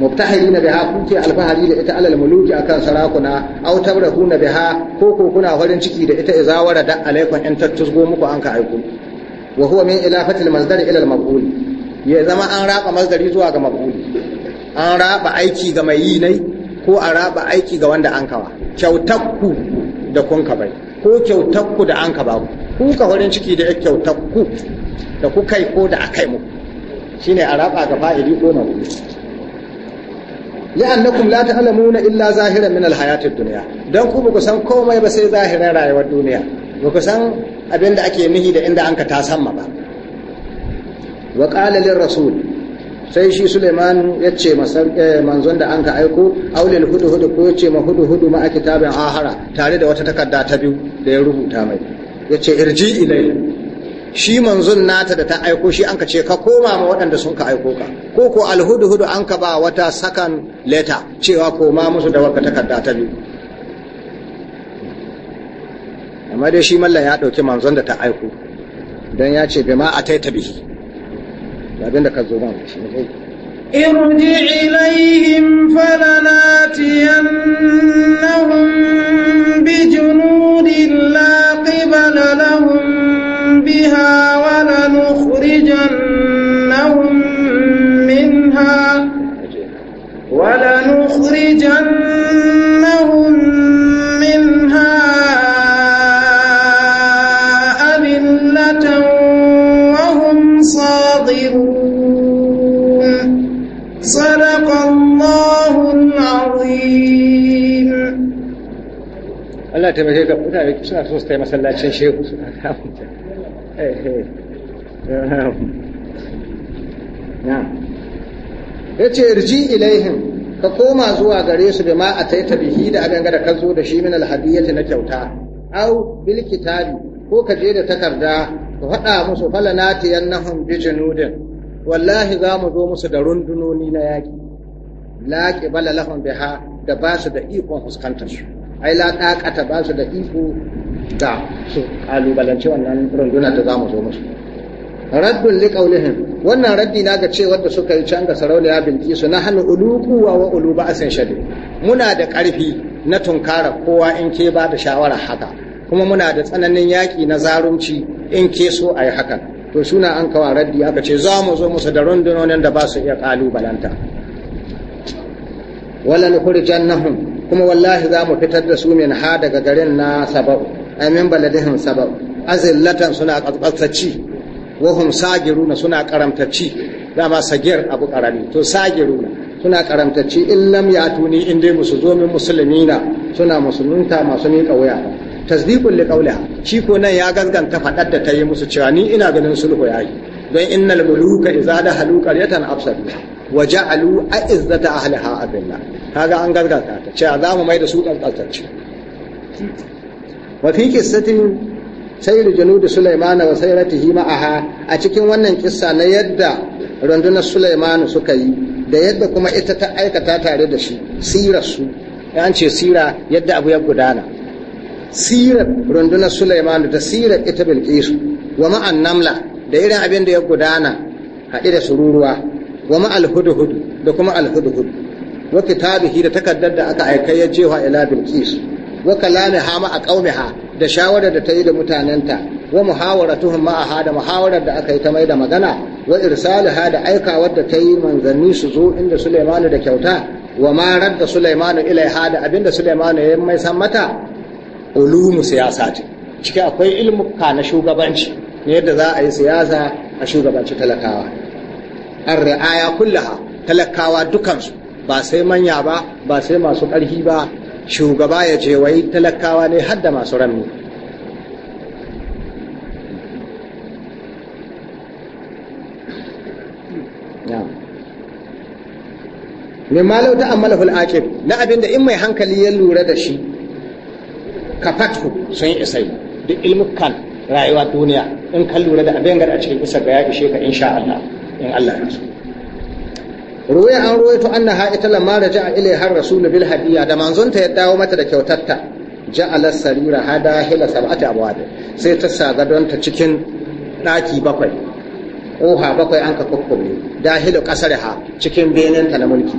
na biha kuke alfahari da ita alal muluki akan sarakuna aw tabrahuna biha ko ko kuna farin ciki da ita izawara da alaikum in tattusgo muku an ka aiko wa huwa min al-mazdari ila al-maf'ul ya zama an raba mazdari zuwa ga maf'ul an raba aiki ga mai yi nai ko a raba aiki ga wanda an kawa kyautakku da kun ka bai ko kyautakku da an ka ba ku ka farin ciki da kyautakku da ku kai ko da akai mu shine a raba ga fa'ili ko maf'ul li'annakum la ta'lamuna illa zahiran min al-hayatid dunya dan ku ba ku san komai ba sai zahirin rayuwar duniya ba ku san Abin da ake nihi da inda an ka tasamma ba wa lir rasul sai shi suleiman ya ce eh, manzon da an ka aiko aulil hudu hudu ko ya ce ma hudu hudu ma kitabin ahara tare da wata takarda ta biyu da ya rubuta mai ya ce irji ilai shi manzon nata da ta aiko shi an ka ce ka koma ma waɗanda sun ka aiko ka ko ko alhudu hudu an ka ba wata sakan leta cewa koma musu da wata takarda ta biyu amma dai shi mallan ya ɗauki manzon da ta aiko don ya ce bima a taita bihi abin da ka zo man shi ne irji ilaihim falanatiyannahum bi junudin la qibala lahum biha wa lanukhrijannahum minha taimake ka mutane suna so su taimaka masallacin shehu suna ya ce irji ilaihin ka koma zuwa gare su bima a taita bihi da abin da ka zo da shi min alhadiyyati na kyauta au bil kitabi ko ka je da takarda ka faɗa musu falanati yannahum bi junudin wallahi za mu zo musu da rundunoni na yaƙi la qibala lahum biha da ba su da ikon fuskantar su ai la dakata ba su da iko da su ƙalubalance wannan runduna da za zo musu raddun li wannan raddi na ga cewar da suka yi can ga sarauniya su na hannu uluku wa wa uluba asan shadu muna da karfi na tunkara kowa in ke ba da shawara haka kuma muna da tsananin yaƙi na zarumci in ke so a yi haka to suna an kawa raddi aka ce za mu zo musu da rundunonin da ba su iya ƙalubalanta wala nukhrijannahum kuma wallahi za mu fitar da su min ha daga garin na saba'u amin baladihin saba'u azillatan suna ƙasƙasacci wahum sagiruna suna Za dama sagir abu karami to sagiruna suna karamtaci in lam tuni in dai musu zo min musulmina suna musulunta masu miƙa wuya tasdiqul liqauliha shi ko nan ya gaskanta faɗar da ta yi musu cewa ni ina ganin sulhu yayi don innal muluka idza dahalu qaryatan absadu wa ja'alu a'izzata ahliha adilla kaga an gargata ta cewa za mu mai da su kankantacce wa fi qissatin sayr junud sulaimana wa sayratihi ma'aha a cikin wannan kissa na yadda rundunar sulaimanu suka yi da yadda kuma ita ta aikata tare da shi sirar su an ce sira yadda abu ya gudana sirar rundunar sulaimanu da sirar ita bilqisu wa ma'an namla da irin abin da ya gudana haɗe da sururuwa wa ma alhudhud da kuma alhudhud wa kitabihi da takaddar da aka aika ya cewa ila bilqis wa kalamiha ma qaumiha da shawarar da ta yi da mutanenta wa muhawaratuhum ha da muhawarar da aka yi ta mai da magana wa irsaliha da aikawar da ta yi manzanni su zo inda Sulaimanu da kyauta wa marar da Sulaimanu ilaiha da abinda Sulaimanu ya mai san mata ulumu siyasa ce ciki akwai ilmuka na shugabanci Ne yadda za a yi siyasa a shugabanci talakawa an ri'aya kullaha talakawa dukansu ba sai manya ba ba sai masu ƙarfi ba shugaba ya je wai talakawa ne har da masu ranni min malau ta ammala aqib na abinda in mai hankali ya lura da shi kafatku sun isai duk ilmukan rayuwa duniya in ka lura da abin gada a cikin kusa ga ya ishe ka insha Allah in Allah ya so ruwaya an ruwaito annaha ita lamma raja'a ilaiha rasul bil hadiya da manzonta ya dawo mata da kyautarta ja'ala sarira hada hila sab'ati abwab sai ta saga don ta cikin daki bakwai oha bakwai an ka kokkobe dahilu kasarha cikin benin ta na mulki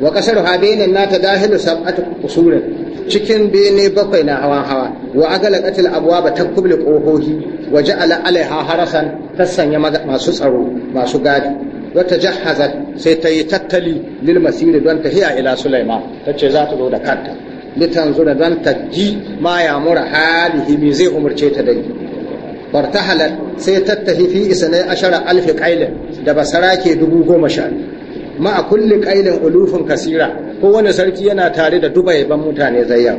wa kasar habinin na ta dahilu sab'atu kusurin cikin bene bakwai na hawan hawa wa agala qatil ba ta kubli qohohi wa ja'ala alaiha harasan ta sanya masu tsaro masu gadi wa tajahhazat sai ta yi tattali lil masir don ta hiya ila sulaiman tace za ta zo da kanta litanzura don ta ji ma ya mura halihi me zai umurce ta da fartahalat sai tattahi fi isnai ashara alfi qailin da basara ke dubu goma sha ma a kulli kailin ulufun kasira kowane sarki yana tare da dubai ban mutane zayyan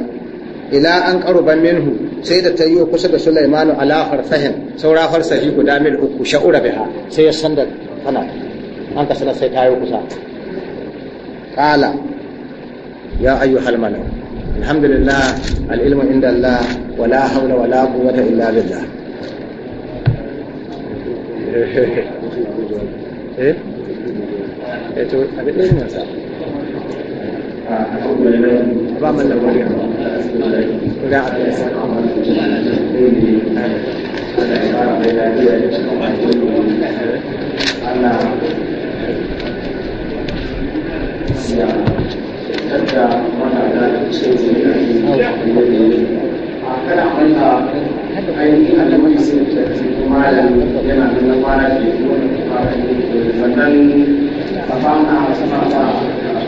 ila an qaruban minhu sai da tayyo kusa da Sulaimanu ala farsahin saura farsahi guda mil uku sha'ura biha sai ya san da tana an ka sanar sai tayo kusa qala ya ayyuhal malak alhamdulillah alilmu inda Allah wala hawla wala quwwata illa billah eh eh to a da irin sa ba mun a fara da lafiya da cikin Allah ya a kafana suna ta da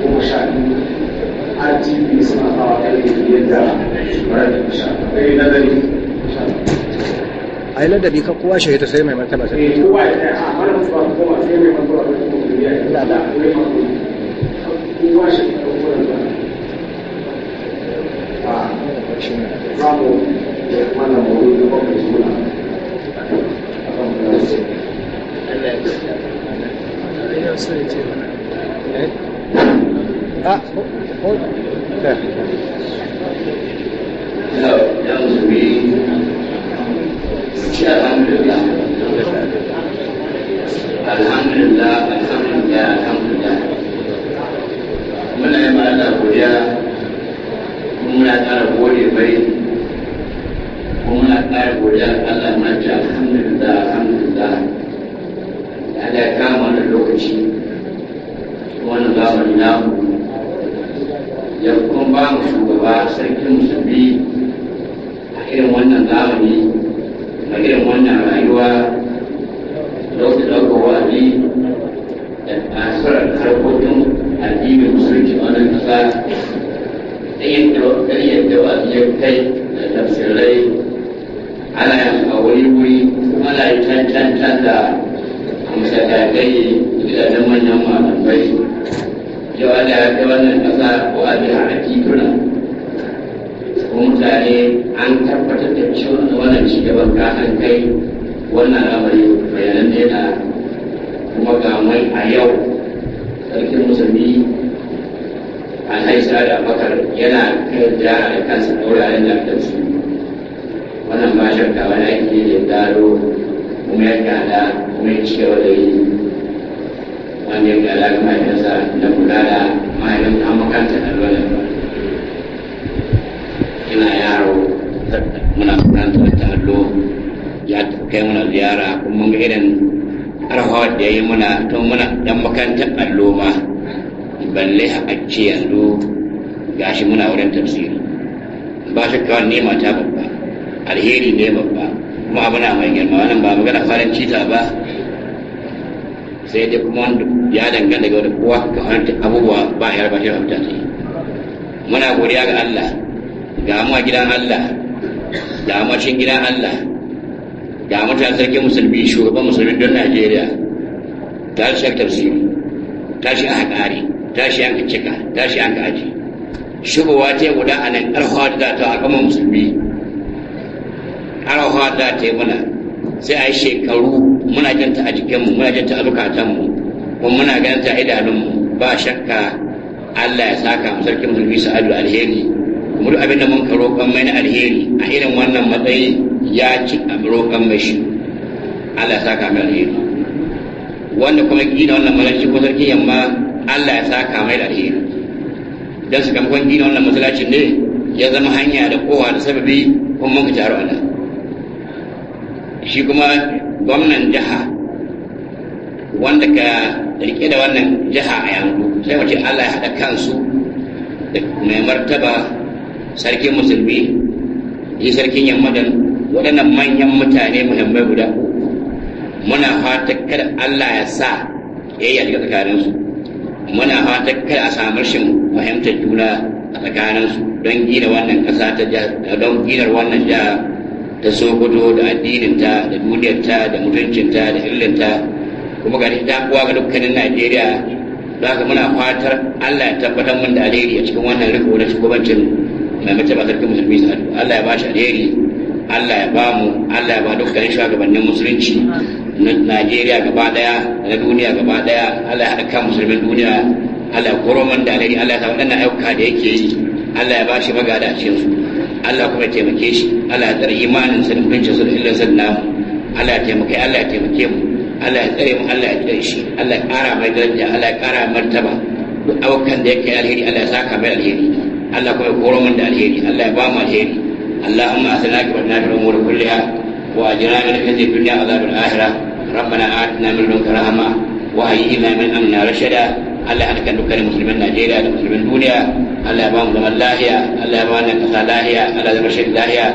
goma ai ladabi ka kowa shi ta sai mai martaba sai kowa ya a su sai mai martaba da da kowa shi a shi ne zamu kuma Allah ya 有事情进来。哎，啊，我我对。Alhamdulillah, alhamdulillah, alhamdulillah. Mana yang mana boleh, mana cara boleh baik, mana cara boleh Allah macam alhamdulillah, alhamdulillah. Ada kamu. da shi wani zamani namu ya kuma ba mu shugaba sarkin musulmi a irin wannan zamani a irin wannan rayuwa dauki dauka wa'adi da asirar harkokin addinin musulunci a wannan ƙasa da yadda wa'adi ya kai da tafsirai ana yin a wuri wuri ana yi can can can da musadagai wajen manyan malamai yau Allah ya wannan ƙasa ko a biya a tituna ko mutane an tabbatar da cewa wannan shugaban kasan kai wannan lamari bayanan da yana kuma ga mai a yau sarkin musulmi haisa da bakar yana kai da kansa ɗauraren da ta su wannan ba shakka wani ake ne da daro kuma ya gada kuma ya gaba da yi wanda ya kula da mahaifinsa da kula da mahaifin an makanta da lura ina yaro muna karanta ta allo ya kai muna ziyara kuma mun ga irin arhawar da ya yi muna dan makarantar allo ma balle a ce yanzu gashi muna wurin tafsiri ba shi kawai nema ta babba alheri ne babba kuma abu na mai girma wannan ba magana farin cita ba sai dai kuma wanda ya dangana ga wanda kowa ka karanta abubuwa ba ya raba shi rabta ta yi muna godiya ga Allah ga mu gidan Allah ga macin gidan Allah ga mutane sarki musulmi shugaban musulmi don Najeriya ta shi tafsiri ta shi a kare ta shi aka cika ta shi aka aji shigowa ta yi guda a nan ƙarfawa da ta a kama musulmi ƙarfawa da ta yi muna sai a yi shekaru muna janta a jikinmu muna janta a zukatanmu kuma muna ganta a idanunmu ba shakka Allah ya saka mu sarkin musulmi sa'adu alheri mu abin da mun ka roƙon mai na alheri a irin wannan matsayi ya ci a roƙon mai shi Allah ya saka mai alheri wanda kuma gina wannan malarci ko sarkin yamma Allah ya saka mai alheri dan sakamakon gina wannan masallacin ne ya zama hanya da kowa da sababi kuma mun ka taro Allah shi kuma gwamnan jiha wanda ka rike da wannan jiha a yanzu sai wace Allah ya haɗa kansu da mai martaba sarkin musulmi yi sarkin yammadan waɗannan manyan mutane muhimmai guda muna fata kada Allah ya sa ya yi a tsakaninsu muna fata kada a samu rashin fahimtar juna a tsakaninsu don gina wannan ƙasa ta don ginar wannan jiha da sokoto da addininta da duniyarta da mutuncinta da illinta kuma ga ta kuwa ga dukkanin najeriya za ka muna fatar allah ya tabbatar mun da alheri a cikin wannan riko na shugabancin mai mace ba sarkin musulmi sa'adu allah ya ba shi alheri allah ya ba mu allah ya ba dukkanin shugabannin musulunci na najeriya gaba daya na duniya gaba daya allah ya haɗa kan musulmin duniya allah ya koro mun da alheri allah ya sa waɗannan ayyuka da yake yi allah ya ba shi magada a su Allah kuma ya taimake shi Allah ya tsare imanin sa da mutuncin sa da illan sa namu Allah ya taimake Allah ya taimake mu Allah ya tsare mu Allah ya tsare shi Allah ya kara mai daraja Allah ya kara martaba duk abokan da yake alheri Allah ya saka mai alheri Allah kuma ya koro mun da alheri Allah ya ba mu alheri اللهم أسلك وأنا في الأمور كلها وأجرنا من خزي الدنيا وعذاب الآخرة ربنا آتنا من لدنك رحمة وهيئ لنا من أمرنا رشدا Allah ya kan dukkanin musulmin Najeriya da musulmin duniya Allah ya ba mu zaman lahiya Allah ya ba wannan kasa lahiya Allah ya zama shi lahiya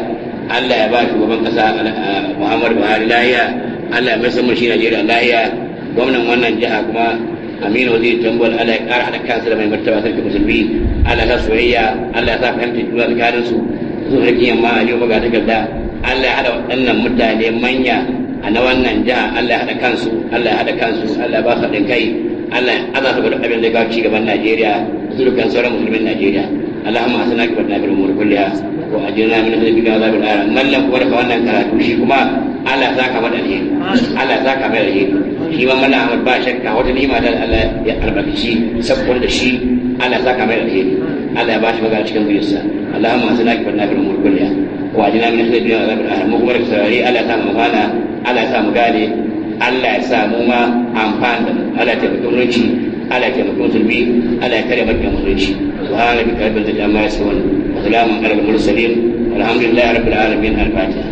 Allah ya ba shugaban kasa Muhammadu Buhari lahiya Allah ya masa mulki Najeriya lahiya gwamnan wannan jiha kuma Aminu zai tambal Allah ya kara hada kansa da mai martaba sarki musulmi Allah ya sa soyayya Allah ya sa fahimta juna tsakanin su zuwa rikin yamma a yau ga takarda Allah ya haɗa waɗannan mutane manya a na wannan jiha Allah ya haɗa kansu Allah ya haɗa kansu Allah ya ba su haɗin kai Allah ana saboda abin da kawo ci gaban Najeriya zurukan sauran musulmin Najeriya Allahumma hasana ki barna bil umur kulliha wa ajirna min hadhihi bil azab al alam man lam kuma wannan karatu shi kuma Allah zaka bada alheri Allah zaka bada alheri shi ma mana Ahmad ba shakka wata ni ma dal Allah ya albarkaci sabon da shi Allah zaka bada alheri Allah ya bashi magana cikin guriyarsa Allahumma hasana ki barna bil umur kulliha wa ajirna min hadhihi bil azab al alam mu kuma da saurari Allah ta mu gana Allah ta mu gane Allah ya samu ma amfani da mu Allah ya taimaki mulki Allah ya taimaki musulmi Allah ya kare bakin mulki subhana rabbika wa mursalin rabbil alamin al-fatiha